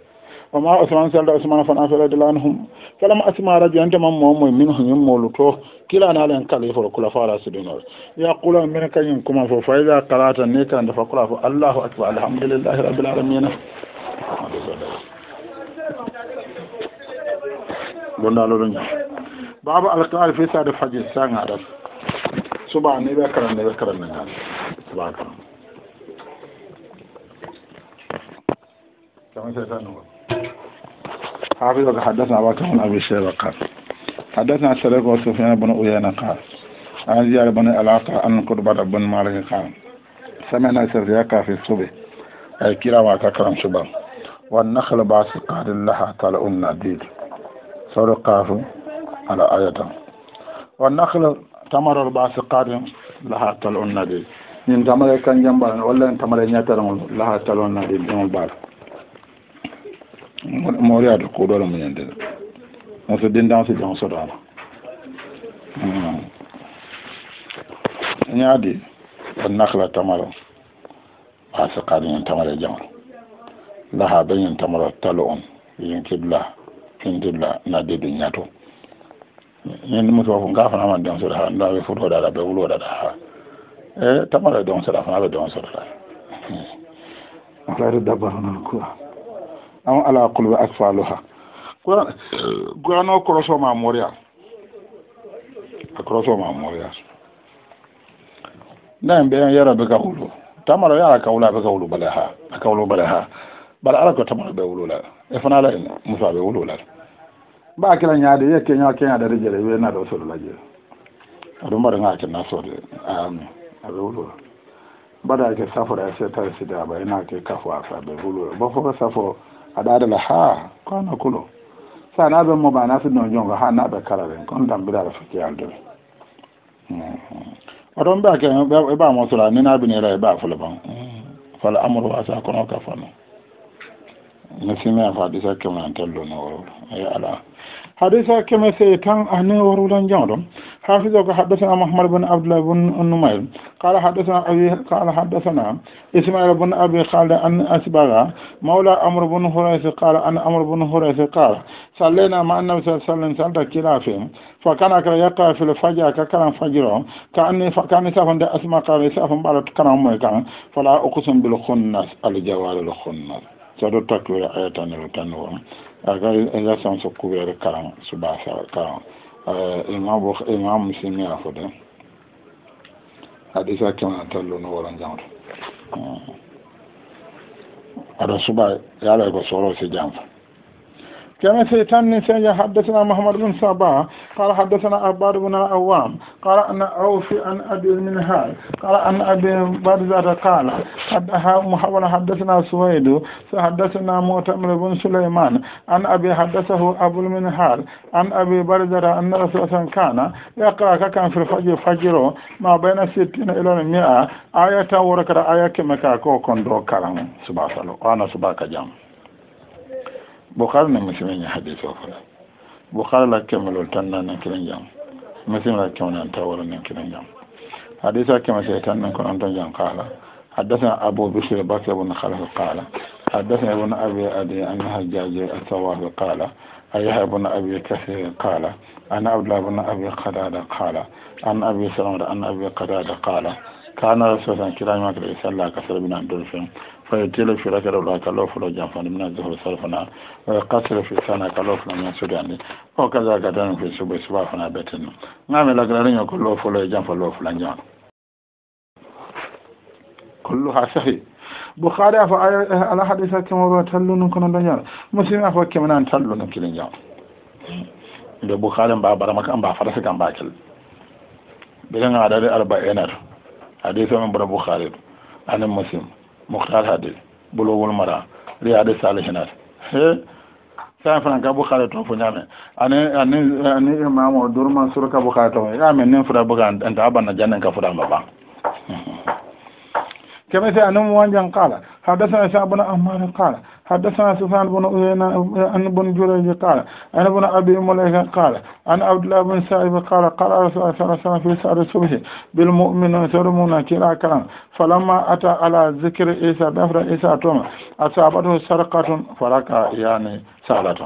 oma osman da usman fana feere de lan hum kalama asma radiante mam momoy min hoñum molu to kilanalen kalifol kula fara ya yaqula min yin kuma fo fa ida ne kan da fa kula fo allahu akbar alhamdulillah rabbil alamina bundalo dun babu alqur'an fi sa da faje sanga da suba ne ba karanta ba karanta ne ba ka kamar sai ta nuna ha fi daga haddasa ba kan abu shi ba ka haddasa sai ga wasu fiye bana uya na ka an ziyar bana alaka an kurba da bin malaka ka sai mai na sai ya kafi sube kira ma ta karanta ba والنخل باسقات لها طلع النديد سورة قاف على آية والنخل تمر الباسقات لها طلع النديد من تمر كان جنبا ولا من تمر نيتر لها طلع النديد من البار موريا تقول من يندل دين دانس جون سرانا نيادي يعني النخلة تمر باسقات من تمر جنبا laha dañin tamara talo on yin kibla yin kibla na yin mutu ñato min ɗum to don sura ɗon soɗa ha ndawe fotoɗaɗa ɓe wuloɗaɗa ha e eh, tamara ɗon soɗa fana ɓe ɗon soɗaɗa alade na kuwa am ala kulɓe akfaluha gurano korosoma moria a korosoma moria nan yara yaraɓe ka hulu tamara yara kawla ɓe ka hulu bale ha a kawlu bale ha bara ala ko tamara ɓe wulula e fana ala ene musa ɓe wulula mba kila i ye ya keñadere a we naade o sodola jee aɗum mbaɗa ga kenna soode ami aɓe wulula mbaɗa ke ba e setare sidaba ena ke kafo asa ɓe wulula bo fof safo aɗa adala ha kono kulo na naɓe na sidno jongo ha naɓe kararen kon tambiɗaɗa wasa نسمع حديثا كما نتلون على إيه، حديثا كما سيتم أهل ورولان جانرم حافظك حدثنا محمد بن عبد الله بن نمير قال حدثنا أبي قال حدثنا إسماعيل بن أبي قال أن أسبغا مولى أمر بن هريث قال أن أمر بن هريث قال صلينا مع النبي صلى الله عليه وسلم صلى كلافه فكان يقع في الفجر ككلام فجره كأني فكان سافن أسماء قال سافن بعد كلام فلا أقسم بالخنس الجوال الخنس saɗo takkure aya tanel tanni wona aga élection so kuɓere karan suba karan imam imam muslimi a fode hadisa kemana talluno wora jamto aɗa suba yaala ko soro si jamfa كما سيتان نساء حدثنا محمد بن صباح قال حدثنا عباد بن العوام قال أن أوفي عن أبي المنهال قال أن أبي برزة قال محاولة حدثنا سويد فحدثنا مؤتمر بن سليمان عن أبي حدثه أبو المنهال عن أبي برزة أن رسول كان يقرأ كان في الفجر فجر ما بين ستين إلى المئة آية وركر آية كما كاكو كندو كرم سبحانه وأنا سبحانه جام bukhari ne musulmin ya hadisi wa fara bukhari la kɛmɛ lol tan naani kelen jam muslim la kɛmɛ tawarin nan ne kelen jam hadisa kɛmɛ sɛ nan ni kɔnɔntɔn jam kala حدثنا أبو بشر بكر بن خلف قال حدثنا ابن أبي أدي أن هجاج التواه قال أيها بن أبي كثير قال أنا عبد الله بن أبي قدادة قال أن أبي سلمة أن أبي قدادة قال كان رسول الله صلى الله عليه وسلم fayotilo fira kɛra o la ka lɔ fɔlɔ janfani mina zɔrɔ sɔrɔ fana fi sana ka lɔ fɔlɔ ɲɛso de ani ka ka da fi suba suba fana mi ko kullu bukhari ala hadisa ba tallun kono danyar muslim afa kilin da bukhalin ba bara maka ba farasa kan bidan hadisa min bukhari anan muslim muhtar hadi bulogol mara riyade salihinat he sa fana ka bukhari to fo nyame ani ani ani imam durman surka bukhari to ya men nin fura bugan anta abanna jannan ka fura ba كما سأنم وانجا قال حدثنا شعب بن عمار قال حدثنا سفيان بن عن بن جريج قال عن ابن ابي مليكه قال عن عبد الله بن سعيد قال قال رسول الله صلى الله عليه وسلم في سعر الصبح بالمؤمن ترمون كلا كلام فلما اتى على ذكر عيسى بفر عيسى توما اصابته سرقه فرقه يعني سالته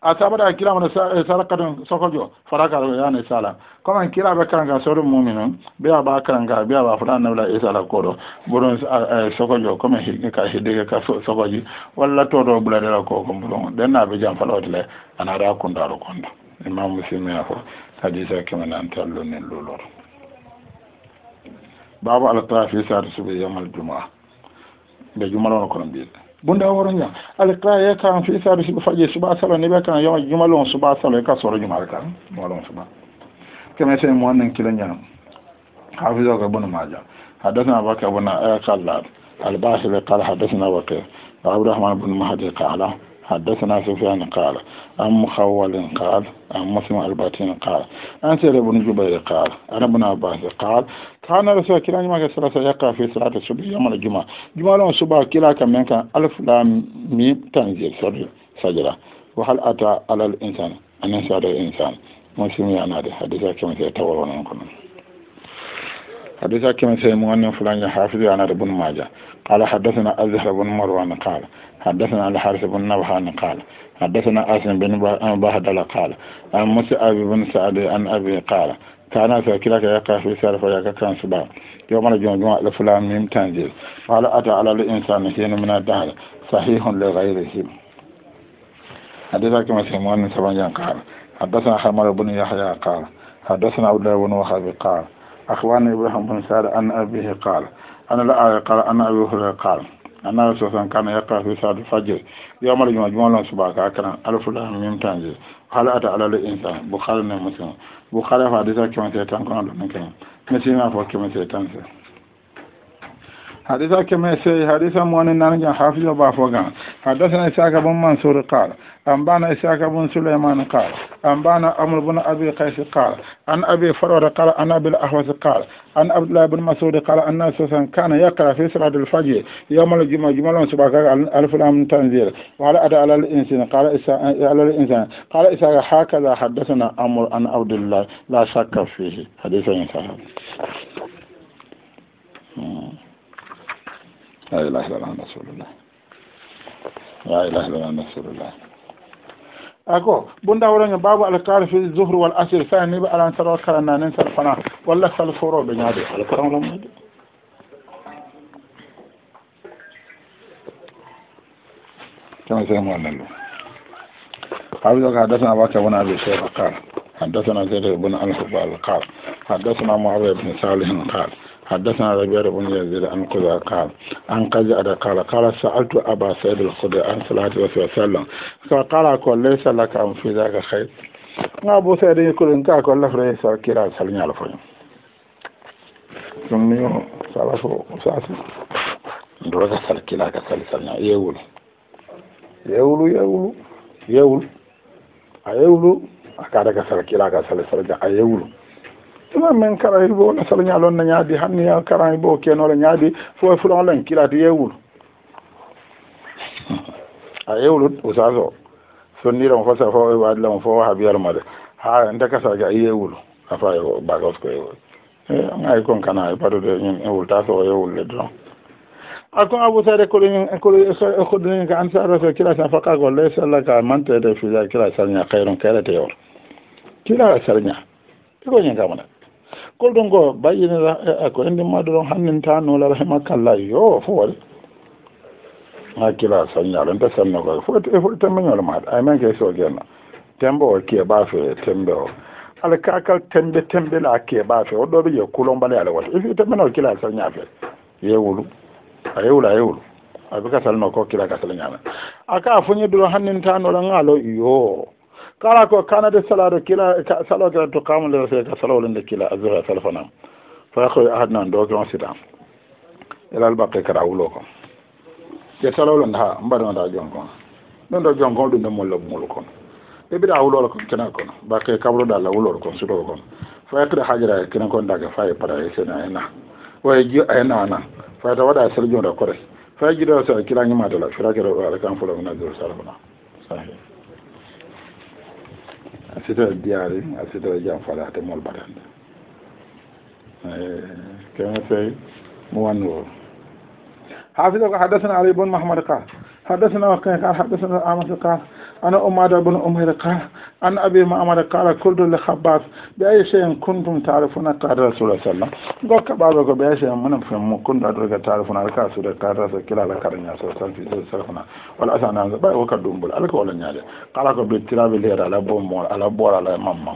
a sabata a kilamata eh, sara kadun sokojo faraka yana sala koma kila ba karanga sodo mumino be aba karanga be aba fura nabla isala kodo buron eh, eh, sokojo koma ka hidde ka sokoji wala walla todo bulade la ko ko buron den na bi be ana da anara kundaro kondo imam muslim ya ko hadisa kama nan tallo ne lolor babu al-tafi sa'd subi yawm al-jum'ah da juma'a kono biye bunda warunya alqaya kan fi sabi su faje su ba sala ne ba kan yawa jumalon su ba sala e ka soro jumal kan walon su ba kama sai mu wannan kilan yana hafiza ga bunu maja hadathana baka buna ayakalla الباحر قال حدثنا وكيع عبد الرحمن بن مهدي قال حدثنا سفيان قال عن مخول قال عن مسلم الباتين قال عن سير بن جبير قال عن ابن عباس قال kana rasul kila nyuma ke sala sa yakka fi salati subh yawm al juma juma lon suba kila kan men kan alif lam mim tanzil sabr sajra wa hal ata ala al insan an sada insan muslim ya nada hadisa kan sai tawarwana kun حديث كما سيم أن فلان حافظ عن ابن ماجه قال حدثنا أزهر بن مروان قال حدثنا الحارث بن نبهان قال حدثنا أسلم بن بهدل قال عن مسعب بن سعد عن أبي قال kana fa kila ka ya kafi sarfa ya ka kansu ba yau mana jiwon jiwon alifula min tanje wala ata alalu insan ne hinu mina da sahihun le gairi him a da zaki masu yi wani saban yan ka haddasa na harmar bunin ya haya ka haddasa na wudar wani waha bi ka akwani ibrahim bin sa da an abi hi ka an la ayi ka an abi hu da ka an so san kana ya kafi sarfa fajir yau mana jiwon jiwon lansu ba ka kana alifula min tanje wala ata alalu insan bukhari ne musulman bukhari fa hadisa kɛmɛ tɛ tan kɔnɔ don ne kɛmɛ misiri n'a fɔ kɛmɛ tɛ tan حديث كما سي حديث موان نان حافظ بافوغا حدثنا إسحاق بن منصور قال أنبانا إسحاق بن سليمان قال أنبانا أمر بن أبي قيس قال عن أبي فرور قال عن أبي الأحوص قال عن عبد الله بن مسعود قال أن أساسا كان يقرأ في صلاة الفجر يوم الجمعة جمعة سبعة ألف لام تنزيل وعلى أدى على الإنسان قال على الإنسان قال إسحاق هكذا حدثنا أمر عن عبد الله لا شك فيه حديث صحيح Mm-hmm. لا إله إلا الله رسول الله لا إله إلا الله رسول الله ako bun da wurin babu alkar fi zuhur wal asir sai ni ba alan sarar kala na nan sarfana wallahi sal soro da nyaade alkar wala mu da kan sai mu annalo abi da hadasa na baka wana bi shay bakar hadasa na zaid ibn al-hubal qal hadasa na mu'awiyah ibn salih حدثنا ربيع بن يزيد عن قزا قال عن قزا قال قال سألت أبا سعيد الخدري عن صلاة الرسول وسلم قال قال ليس لك أن في ذاك خير أبو سعيد يقول إن قال لك ليس كلا سألني على فهم ثم يوم سألته سألته درجة سل كلا كسل سلني يقول يقول يقول يقول أيقول أكادك سل كلا كسل سلني أيقول tuma men kara hibo na sala nyalon na nyaadi hanni ya kara hibo keno la nyaadi fo fulon lan kila ti yewul a yewul usaso so mo fasa fo wa la lam fo ha biyal made ha nda kasa ga yewul afa yo bagos ko yewul eh ngai kon kana e padu de nyen e ta so yewul le don akon abu sare ko ni ko ko ni ka ansaro so kila sa faka go le sala ka mante de fi kila sa nya khairun kala te yo kila sa nya ko nyen ka mana kol ɗum ko bayyinira e, e, ko endinma ɗo ɗon hannin ta nola rahimahkallah yo fo waɗi hakkila sañalonte sanno ko fo e, fo tembeñole maɗa ay men ke sogenna tembe o keɓa fe tembe o ala kakal tembe tembela keɓa fe oɗoɓe je kulombale ala wata ifi tembenol kila saña fe wulu a wulu a bi aɓe kasalno ko kila kasala a ka foñiɗo ɗo hannun ta nola ngalo yo kala ko kanade salado kila salo ga to le se ka le kila azra telefona fa yakhoy ahadnan do sita el al baqi kara wulo ko salo do salawolende ha mbaɗonɗa jon kon ɗum ɗo jon kon ɗum ɗo molla mulu kon ɓe mbiɗa wulol kon kena kon bakke da allah wulo kon sutol ko fa yakkide hajira kina nda ga fa ya para e sene ena waye ji ena e na fa ta wada sirjo da kore fa do sa la fira kero ala kan fulo do salo na sahih a sitara wa a sitara janfala ate mool batande kene fey mo ka ka ka أنا أماد بن أمير قال عن أبي معمر قال كل لخباب بأي شيء كنتم تعرفون قال رسول الله صلى الله عليه وسلم قال بأي شيء من فهم كنت أدرك تعرفون قال رسول الله قال رسول الله صلى الله عليه وسلم في ولا أسعنا بأي وقت دنبول ألك ولا نيالي قال بالتراب لير على بومول على بور على ماما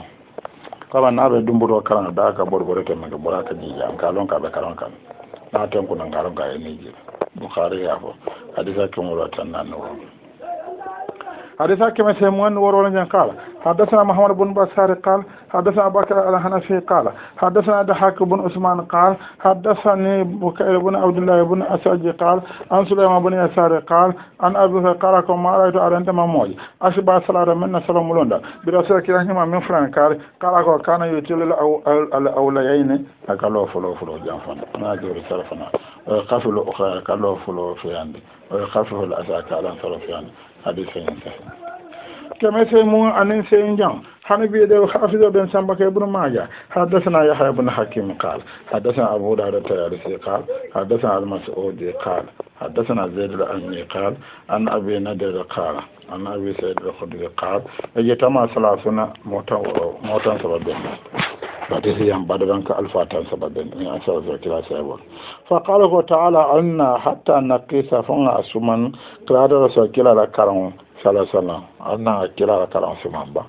قال na be dumbuto karan da داك بور bor ke mega bora ka jija an kalon ka be kalon kan na نيجي بخاري يا ga ne ji bukhari حديثا كما سيمون ورولا قال حدثنا محمد بن بشار قال حدثنا أبو بكر الحنفي قال حدثنا ضحاك بن عثمان قال حدثني بكير بن عبد الله بن أسعد قال عن سليمان بن يسار قال عن أبي هريرة قال ما رأيت على أنت موي أشبع صلاة منا سلام لوندا برسول كريم من فران قال قال كان يتل الأوليين أكلوا فلو فلو جانفان ما جوري سلفنا قفلوا أخرى أكلوا فلو فياندي ويخفف الأساك على طرفيان حدیث سے كما سيمون أن سينجان حنبي ده حافظ بن سمبك ابن ماجه حدثنا يحيى بن حكيم قال حدثنا أبو داود التيارسي قال حدثنا المسعود قال حدثنا زيد الأمي قال عن أبي نادر قال عن أبي سعيد الخدري قال اجتمع ثلاثون موتا سببين فاتسيان بدرانك الفاتان سببين من أسر ذكرى سيبون فقال تعالى عنا حتى نقيس فنع سمن قرار رسول كلا لكرم sala sallam anna kila karan fi mamba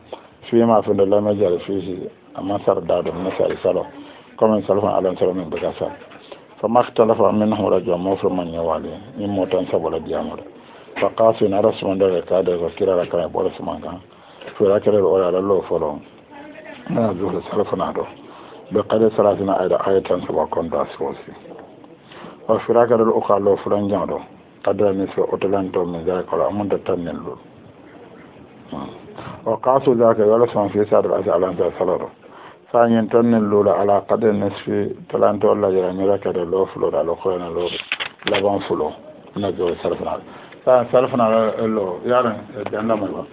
fi ma fi da lamar jari fi ci a sar da da sar salo comme salo fa alam salo min buga sa fa ma makhtalafa min hura jamu fi man yawali tan sa bola diamul fa qafi na ndo le ka da zakira da kai bola suman kan fi da kira da la lo folo na salo fa na do bi qad salatina ayda ayatan sabakon da su wasi wa fi da kira da fulan jado kada mi so otolanto mi gara kola amunda tannen lol hmm. o kasu zaka yola son fi sadar asi alanta salaro sañin tannen lula ala kada nisfi talanta olla jara mira kada lo fulora lo koyana lo laban fulo na go sarfana sa sarfana eh, lo yaran eh, janda mai ba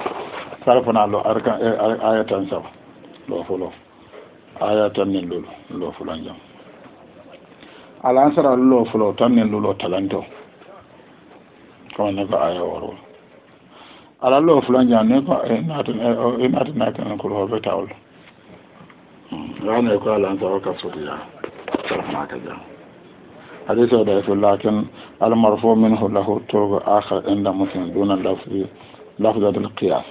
sarfana lo arkan eh, ayatan sa lo fulo ayatan nin lulu lo fulan jam alansara lo fulo tannen lulo talanto fo ne aya woro ala lo fulan ja ne ko e eh, nata e nata na kan eh, oh, eh, ko ho beta hmm, ya ne ko ala ta ka so ya ma ka ja حديث ضعيف لكن المرفوع منه له طرق آخر عند مسلم دون لفظ لفظة القياس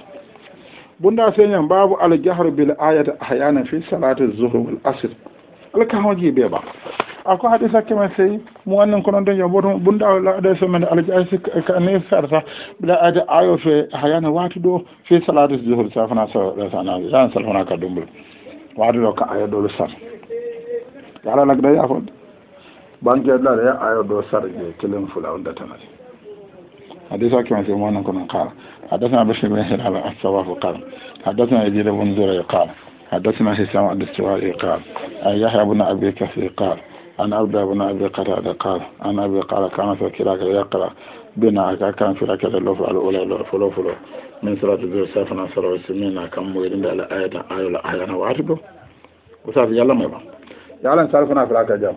بندا سينيا باب الجهر بالآية أحيانا في صلاة الظهر والعصر alkahoji ɓe ɓa ako haɗi sakke men sey mo annen ko noon daño boto bunda laɗe semaine alaji ay ne ferta mbiɗa ade ayo fe hayana watu ɗo fe sa johor safana sana yan salfana ka ɗumbol wadu do ka ayo sar yala lak da yafon banque ɗaɗe ayo ɗo sar je kelen fula on datanade حديث كما في مؤمن كنا قال حدثنا بشير بن هلال الصواف قال حدثنا يزيد بن زريع قال حدثنا هشام عن الاستوائي قال أن يحيى بن أبي كثير قال عن عبد بن أبي قتادة قال عن أبي قال كان في كلاك يقرأ بنا كان في لك اللوفة الأولى فلوفلو من سورة ذو سيف نصر وسمينا كم ويدن على آية آية الأحيان وعتبه وصافي يلا ما يبقى يلا نسالفنا في لك جام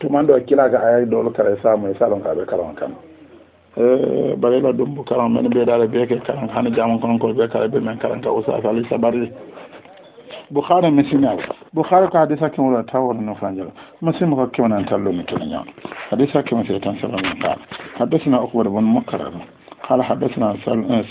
تمان دو كلاك ayay dolo kara samu e salon kaɓe karan kan baɗela dumbo karan men mbiyeɗaɗe beke karan hane jamon konon ko ɓe kara ɓe men karan ka usafi alay sabarri bukhari misimi awo bukhari ko hadisa kemo ɗo taw wona nofan jala muslim ko kewnan tallomi tono ñawno hadisa kemo se tan sala mum taala haddasina okubata bon mokkarama قال حدثنا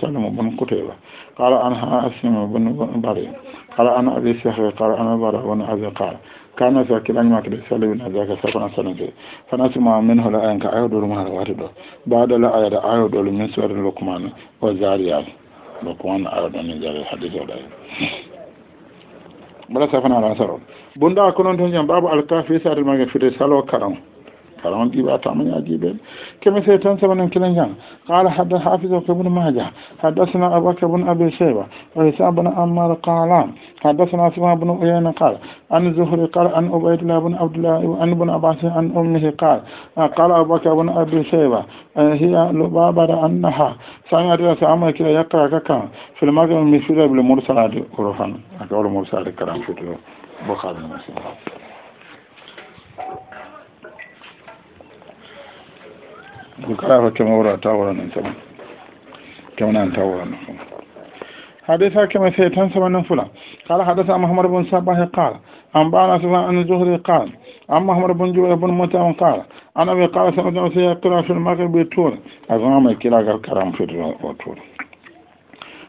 سلم بن قتيبة قال عن حاسم بن بري قال عن أبي سهر قال عن برا بن أبي قال كان ساكلا ما كده سلم بن ذاك سفنا سلم فيه فنسمع منه لا أنك أيود المهر واتدو بعد لا أيد أيود من سور لقمان وزاريات لقمان أيود من زاري الحديث ولا bala safana ala saro bunda konon to jam babu alkafi sa dal mage fite salo karam كلام بقى أطعمني عجيب كما سيتم سيتنسى من جان قال حدث حافظ بن ماجه حدثنا أبو بكر بن أبي شيبة وهشام بن عمار قال حدثنا سمع بن أيان قال عن زهري قال عن عبيد الله بن عبد الله عن بن عباس عن أمه قال قال أبو بكر بن أبي شيبة هي لبابة أنها سمعت رسول الله يقرأ كان في المغرب مثل بالمرسلات عرفا أقول مرسلات كلام في البخاري ومسلم ذكرها فكمورا تاورا نسمى كمنا تاورا نسمى حديث كما سيتان سمنا فلا قال حدث محمد بن صباح قال أنبأنا سفيان عن الزهري قال أما محمد بن جوير بن متعم قال أنا بقال سمعت أن سيقرأ في المغرب بطول أزمام الكلاك الكرام في الطول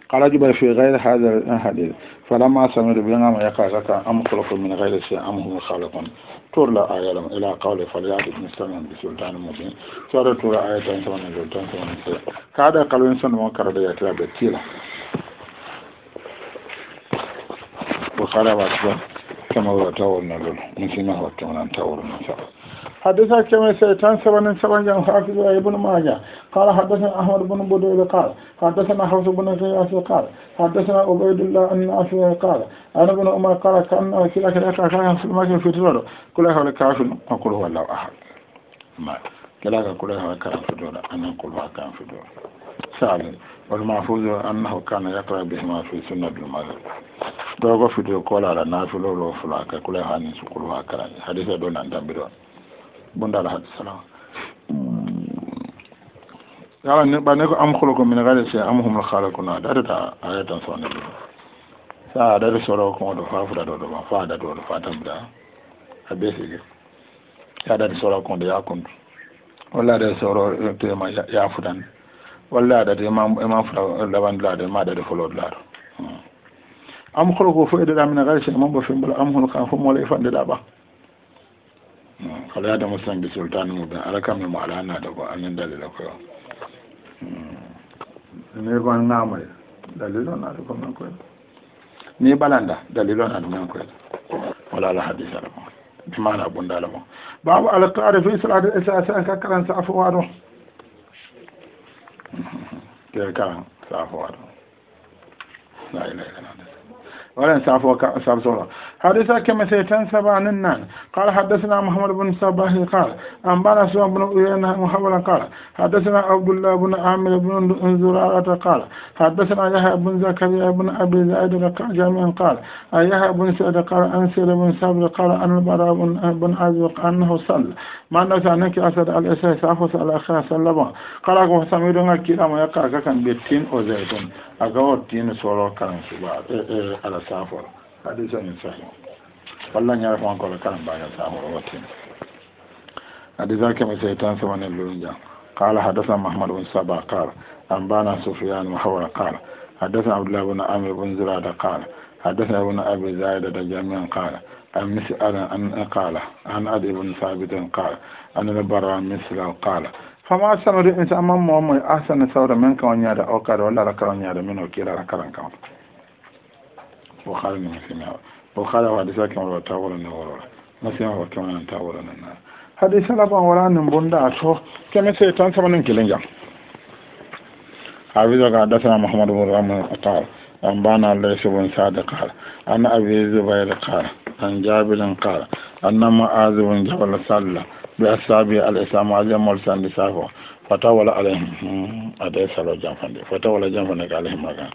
قال جبل في غير هذا الحديث فلما سمع ما يقع زكا أم خلق من غير شيء أم هم خالقون تور لا آية لهم إلى قول فليعبد ابن سلمان بسلطان مبين تور تور آية تنسون سلطان سلطان كاد قالوا إنسان ما كرد يتلا بتيلا وقال كما هو تاول نلول من هو وتمنى تاول نسأل حديثا كما سيتان سبعا سبعا جاء حافظ ابن ماجه قال حدثنا احمد بن بدوي قال حدثنا حفص بن غياث قال حدثنا عبيد الله ان نافع قال انا بن عمر قال كان كلا كلا كان في الماجه في تلو كل هذا كافر اقول هو الله احد ما كلا كل هذا كان في تلو انا اقول هو كان في تلو سالم والمحفوظ انه كان يقرا بهما في سنه المغرب dogo fito kola da na fi lolo fulaka kula hannun su kulwa karan hadisa don an tambi don bunda alhaji salam yala ne ba ne ko am khuluqu min ghayri shay am humul khaliquna da da ayatan sonu sa da da soro ko do fa fu do do fa da do fa tam da abese ya da da soro ko do ya kuntu walla da soro te ma ya fudan walla da te ma ma fuda laban la da ma da da fulo la hmm. am fu e da min ghayri shay am bo fim bal am hul kan fu mo lay fa da ba ala da musulun da sultanin mubin alaka mai ma'ala na da ba annin dalila kuwa ne ban namai dalilon na da kuma kuwa ne balanda dalilon na da kuma kuwa wala ala hadisa da kuma bi ma'ana abun dalama babu da fi salatu isa sai ka kakkaran safuwa don ke safuwa don la ilaha illallah ولا ينسعف وكعب صورة حديث كما سيتان سبع ننان قال حدثنا محمد بن صباح قال أنبانا سوى بن أيانا محمد قال حدثنا عبد الله بن عامر بن زرارة قال حدثنا يحيى بن زكريا بن أبي زائد جميعا قال يحيى بن سعد قال عن بن صبر قال ان البراء بن أزرق أنه صلى ما نسى أنك أسد الإساء سأفوس على أخيه صلى قال أقوى سميرنا كلا ما يقع كان بيتين أو زيتون a ga wata yin tsoron karansu ba eh, eh, a da safuwar hadisan yin sahi wallon ya rufe wankwar karan ba ya samuwar wata yin hadisan ke mai sai ta tansu wani lulunja kala hadasan mahmad bin saba kar an ba na bana sufiyan mahawar kar hadasan abdullahi na amir bin zira da kar hadasan abu na abu zai da jami'an kar an misi an kala an adi bin sabitin kar an rabarwa misilan kala fama sana do insa amma mo mo asana sawra men kan nyaada o kada wala rakaran nyaada min o kira rakaran kan bukhari ni muslim bukhari wa hadisa kan wa tawala ni wala muslim wa kan wa tawala ni na hadisa la ban wala ni bonda to keme sai tan sama nan kilen jam hafizu ga dasana muhammad bin rahman qatar an bana laysa bin sadiq qala an abi zubair qala an jabilan qala anna ma'az bin jabal sallallahu bi asabi al islam azam mol san di safo fata wala ale ade salo jafande fata wala jafande ka alhim magan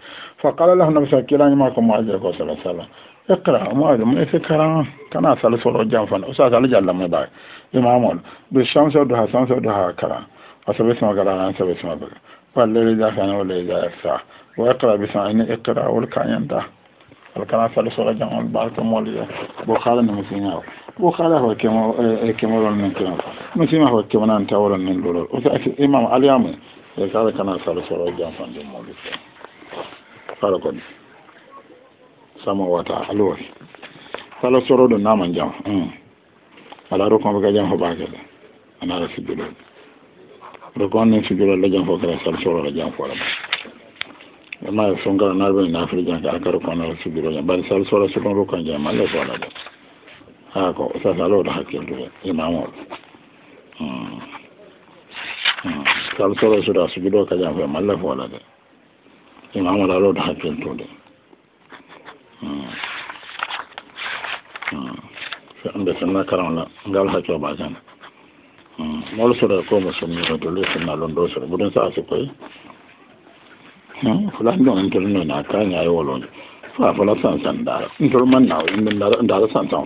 fa qala lahu nabi sakilani ma ko maajir ko sala sala iqra ma ade mo ife karan kana salo solo jafande o sa sala jalla mo ba imam on bi shams wa duha shams wa duha kara asabi sama gala an sabi sama ba palle le jafane wala le jafsa wa iqra bi sa'ini iqra wal kayanda al kana salo solo jafande ba ko mo le bukhari no mo sinyaw wo kala ho kemo e kemolol nin kena fa mi sima ho kemonan tawolon nin ɗolol osaki imam aliyamu e kala kana salo soro jamfande moɗi kala kon sama wata aluwori salo soro ɗo naman jam ala rokon jam ho ana rokon ni la jam kala salo soro la jam ma na bari salo soro rokon jam hako sasa loda hakkiltude imamol kal soro suda sujudo kajam fe malla foola de imamola loda hakkiltude mbe sunna karamla ngal hakko ba kana mol soro ko mo summiro dole sunna londo soro budun sa su koy fulan ɗon tolno na kañayi wolonde fa san sansan dara tolman na ɗum dara san san.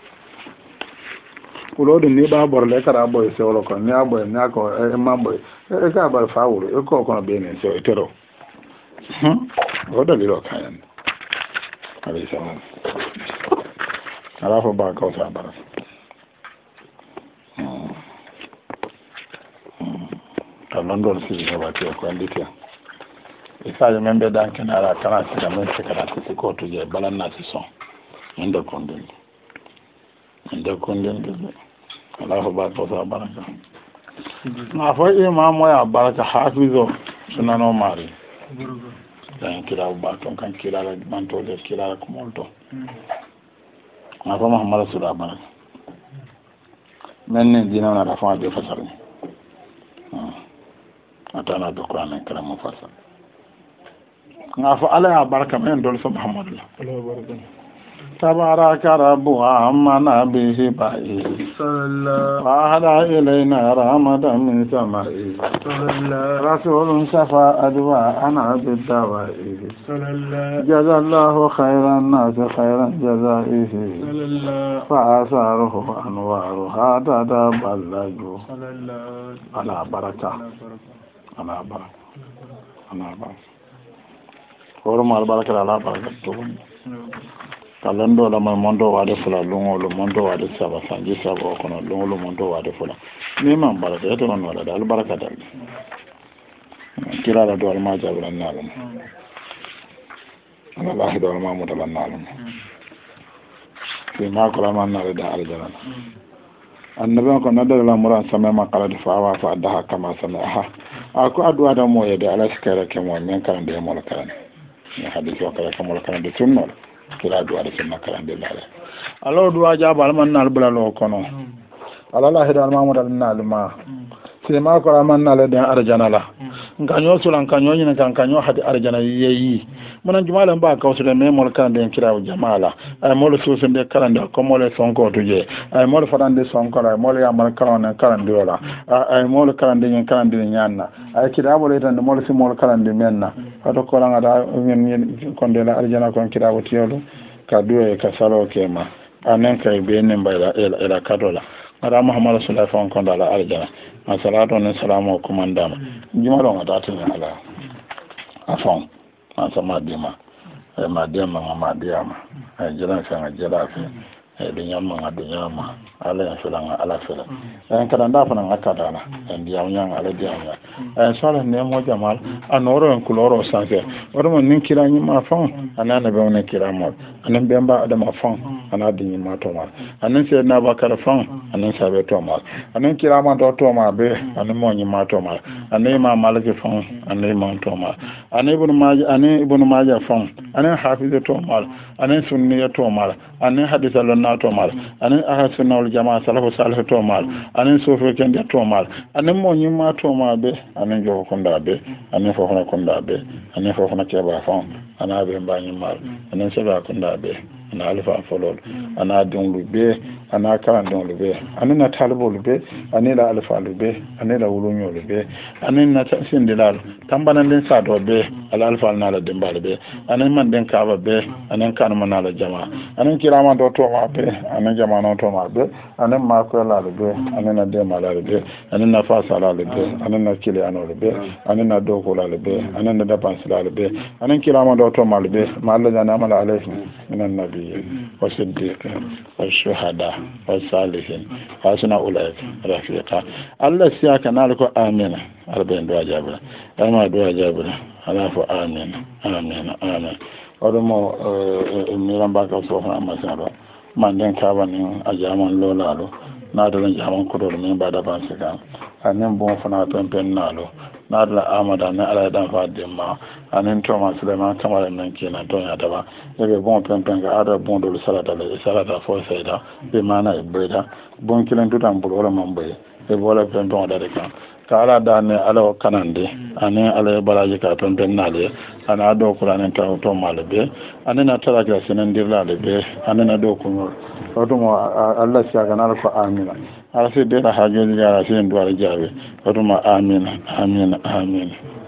wuro ɗum ni ba borle e kara ɓoye ni a ni a ko ma e, e ka fa wuro e ko kono ɓeynen sew e tero hmm? o ala fo ba kawsa ka kam hmm. noon hmm. ɗon siri heɓati e ko e. anndite isaji men mbeɗan ara kana sika men sikata sisi ko tuje balannasi son inde kondundi dekkundintude ala ko ɓa tosa baraka ma fo imamoya baraka hafise o sunano maari tan kirawo ɓa ton kan kirala ɗumantode kirala ko molto ma fo mahamada suɗa baraka na ni dinanata fama be fasal ni a tana be kira karamo fasal ga fo ala ya baraka ma en dol so mahamadou la تبارك رب وعمنا به بائي وأهدى إلينا رمضا من سمائي رسول شفى أدواءنا بالدواء جزى الله خير الناس خير جزائه فآثاره أنوارها تتبلج على بركة على بركة على بركة ورمى البركة على بركة kalando la mai mondo wade fula lungo lo mondo wade saba sanji saba o kono lungo lo mondo wade fula mi man barata yeto man wala da albaraka dal kira la do alma jabra nalum ala lahi do alma mutala nalum fi na kula man nare da aljana annabi ko nadda la mura sama ma kala di fa wa fa da ha kama sama ha ako adu adamo yede ala skare kemo men kan de mo kala ni hadith wa kala kemo kala de tunnol kira duwa da sunna karande lala alaw duwa jaba alman na albula lo kono alala hida almamu da alma silima kora man na den arjana la sulan mm. kan nkanyo nyina kan kanyo hadi arjana yeyi mm. muna jumala ba mm. ka usule me mol kan den kirawo jamala ay mol susun de da ko mol ko tuje ay mol farande ko la mol ya mal kan de wala ay mol de nyen kalande nyanna ay kirawo le tan mol si mol kalande menna ato ko langa da nyen de la arjana kon kirawo tiyolo ka duwe ka salo kema anen kay benen bayla ela kadola ara muhammadu sallallahu alaihi wasallam da aljanna ma salatu ne salamu kuma ndama juma don ta tin ala afon ma sama eh, dema ma dema ma eh, dema ma jira fa ma jira fa ɗum ñammaga ɗum ñama ala en filaga ala fila en kada nda fana akkatana en ndiyam ñaga ala ndiyam ñaga en sala nemo jamal a nooro en couleur o sanse waɗuma nin kirañima fan ana ne ɓe ne kiramol anen ɓe mba adama fan ana diñima tomal anen seedna abacara kira anen saɓe tomal anen kirama do toma ɓe anen moñima tomal anen ima malaki fan anen iman ma anen ibnu maja anen ibnu maja fan anen hafise tomal anen sunniya tomal anen hadisa lonna ijma to mal anin ahad sunnawol jama salafu salih to mal anin sufi kende to mal anin mo ñimma to be anin joko kunda be anin fofana kunda be anin fofana keɓa fan ana ɓe mbañimmal anin seɓa kunda be ana alifa folol ana dinlu be ana karan dinlu be ani na talibolu be ani la alifalu be ani la wulunyolu be ani na sindilal tambanan din sado be ala alifal na la dimbal be ani man din kaba be ana kanuma na la jama ani kirama do to ma be ana jama no to ma be ana ma ko la be ana na de ma la be ana na sa la be ana na kile anol be ani na do ko la be ana na dapan la be ana kirama do to ma be ma la jana ma la alayhi minan nabi waliyai wasu da wasu hada wasu salihin wasu na ulayi rafiƙa allah si aka na alko amina arba'in duwa jabira yamma duwa amina amina amina baka so fa amasa ba na da nan ba da ban su ka a n'a adala amada ne ala ɗan fa dimma anin toma silema tamara nan kenan don ya daba ebe bon pempen ga ada bon dol salata le salata fo da be mana e breda bon kilen tutan bul wala mambe e wala pempen da de kan ka da ne ala wa kanande mm. ani ala ya baraji ka ben na le ana do kuran ta to male be ani na tara ka sinen la de be ani na do kunyo to mo Allah ya kana ko amina ala sai da haje ga ya sai duwar jabe to ma amina amina amina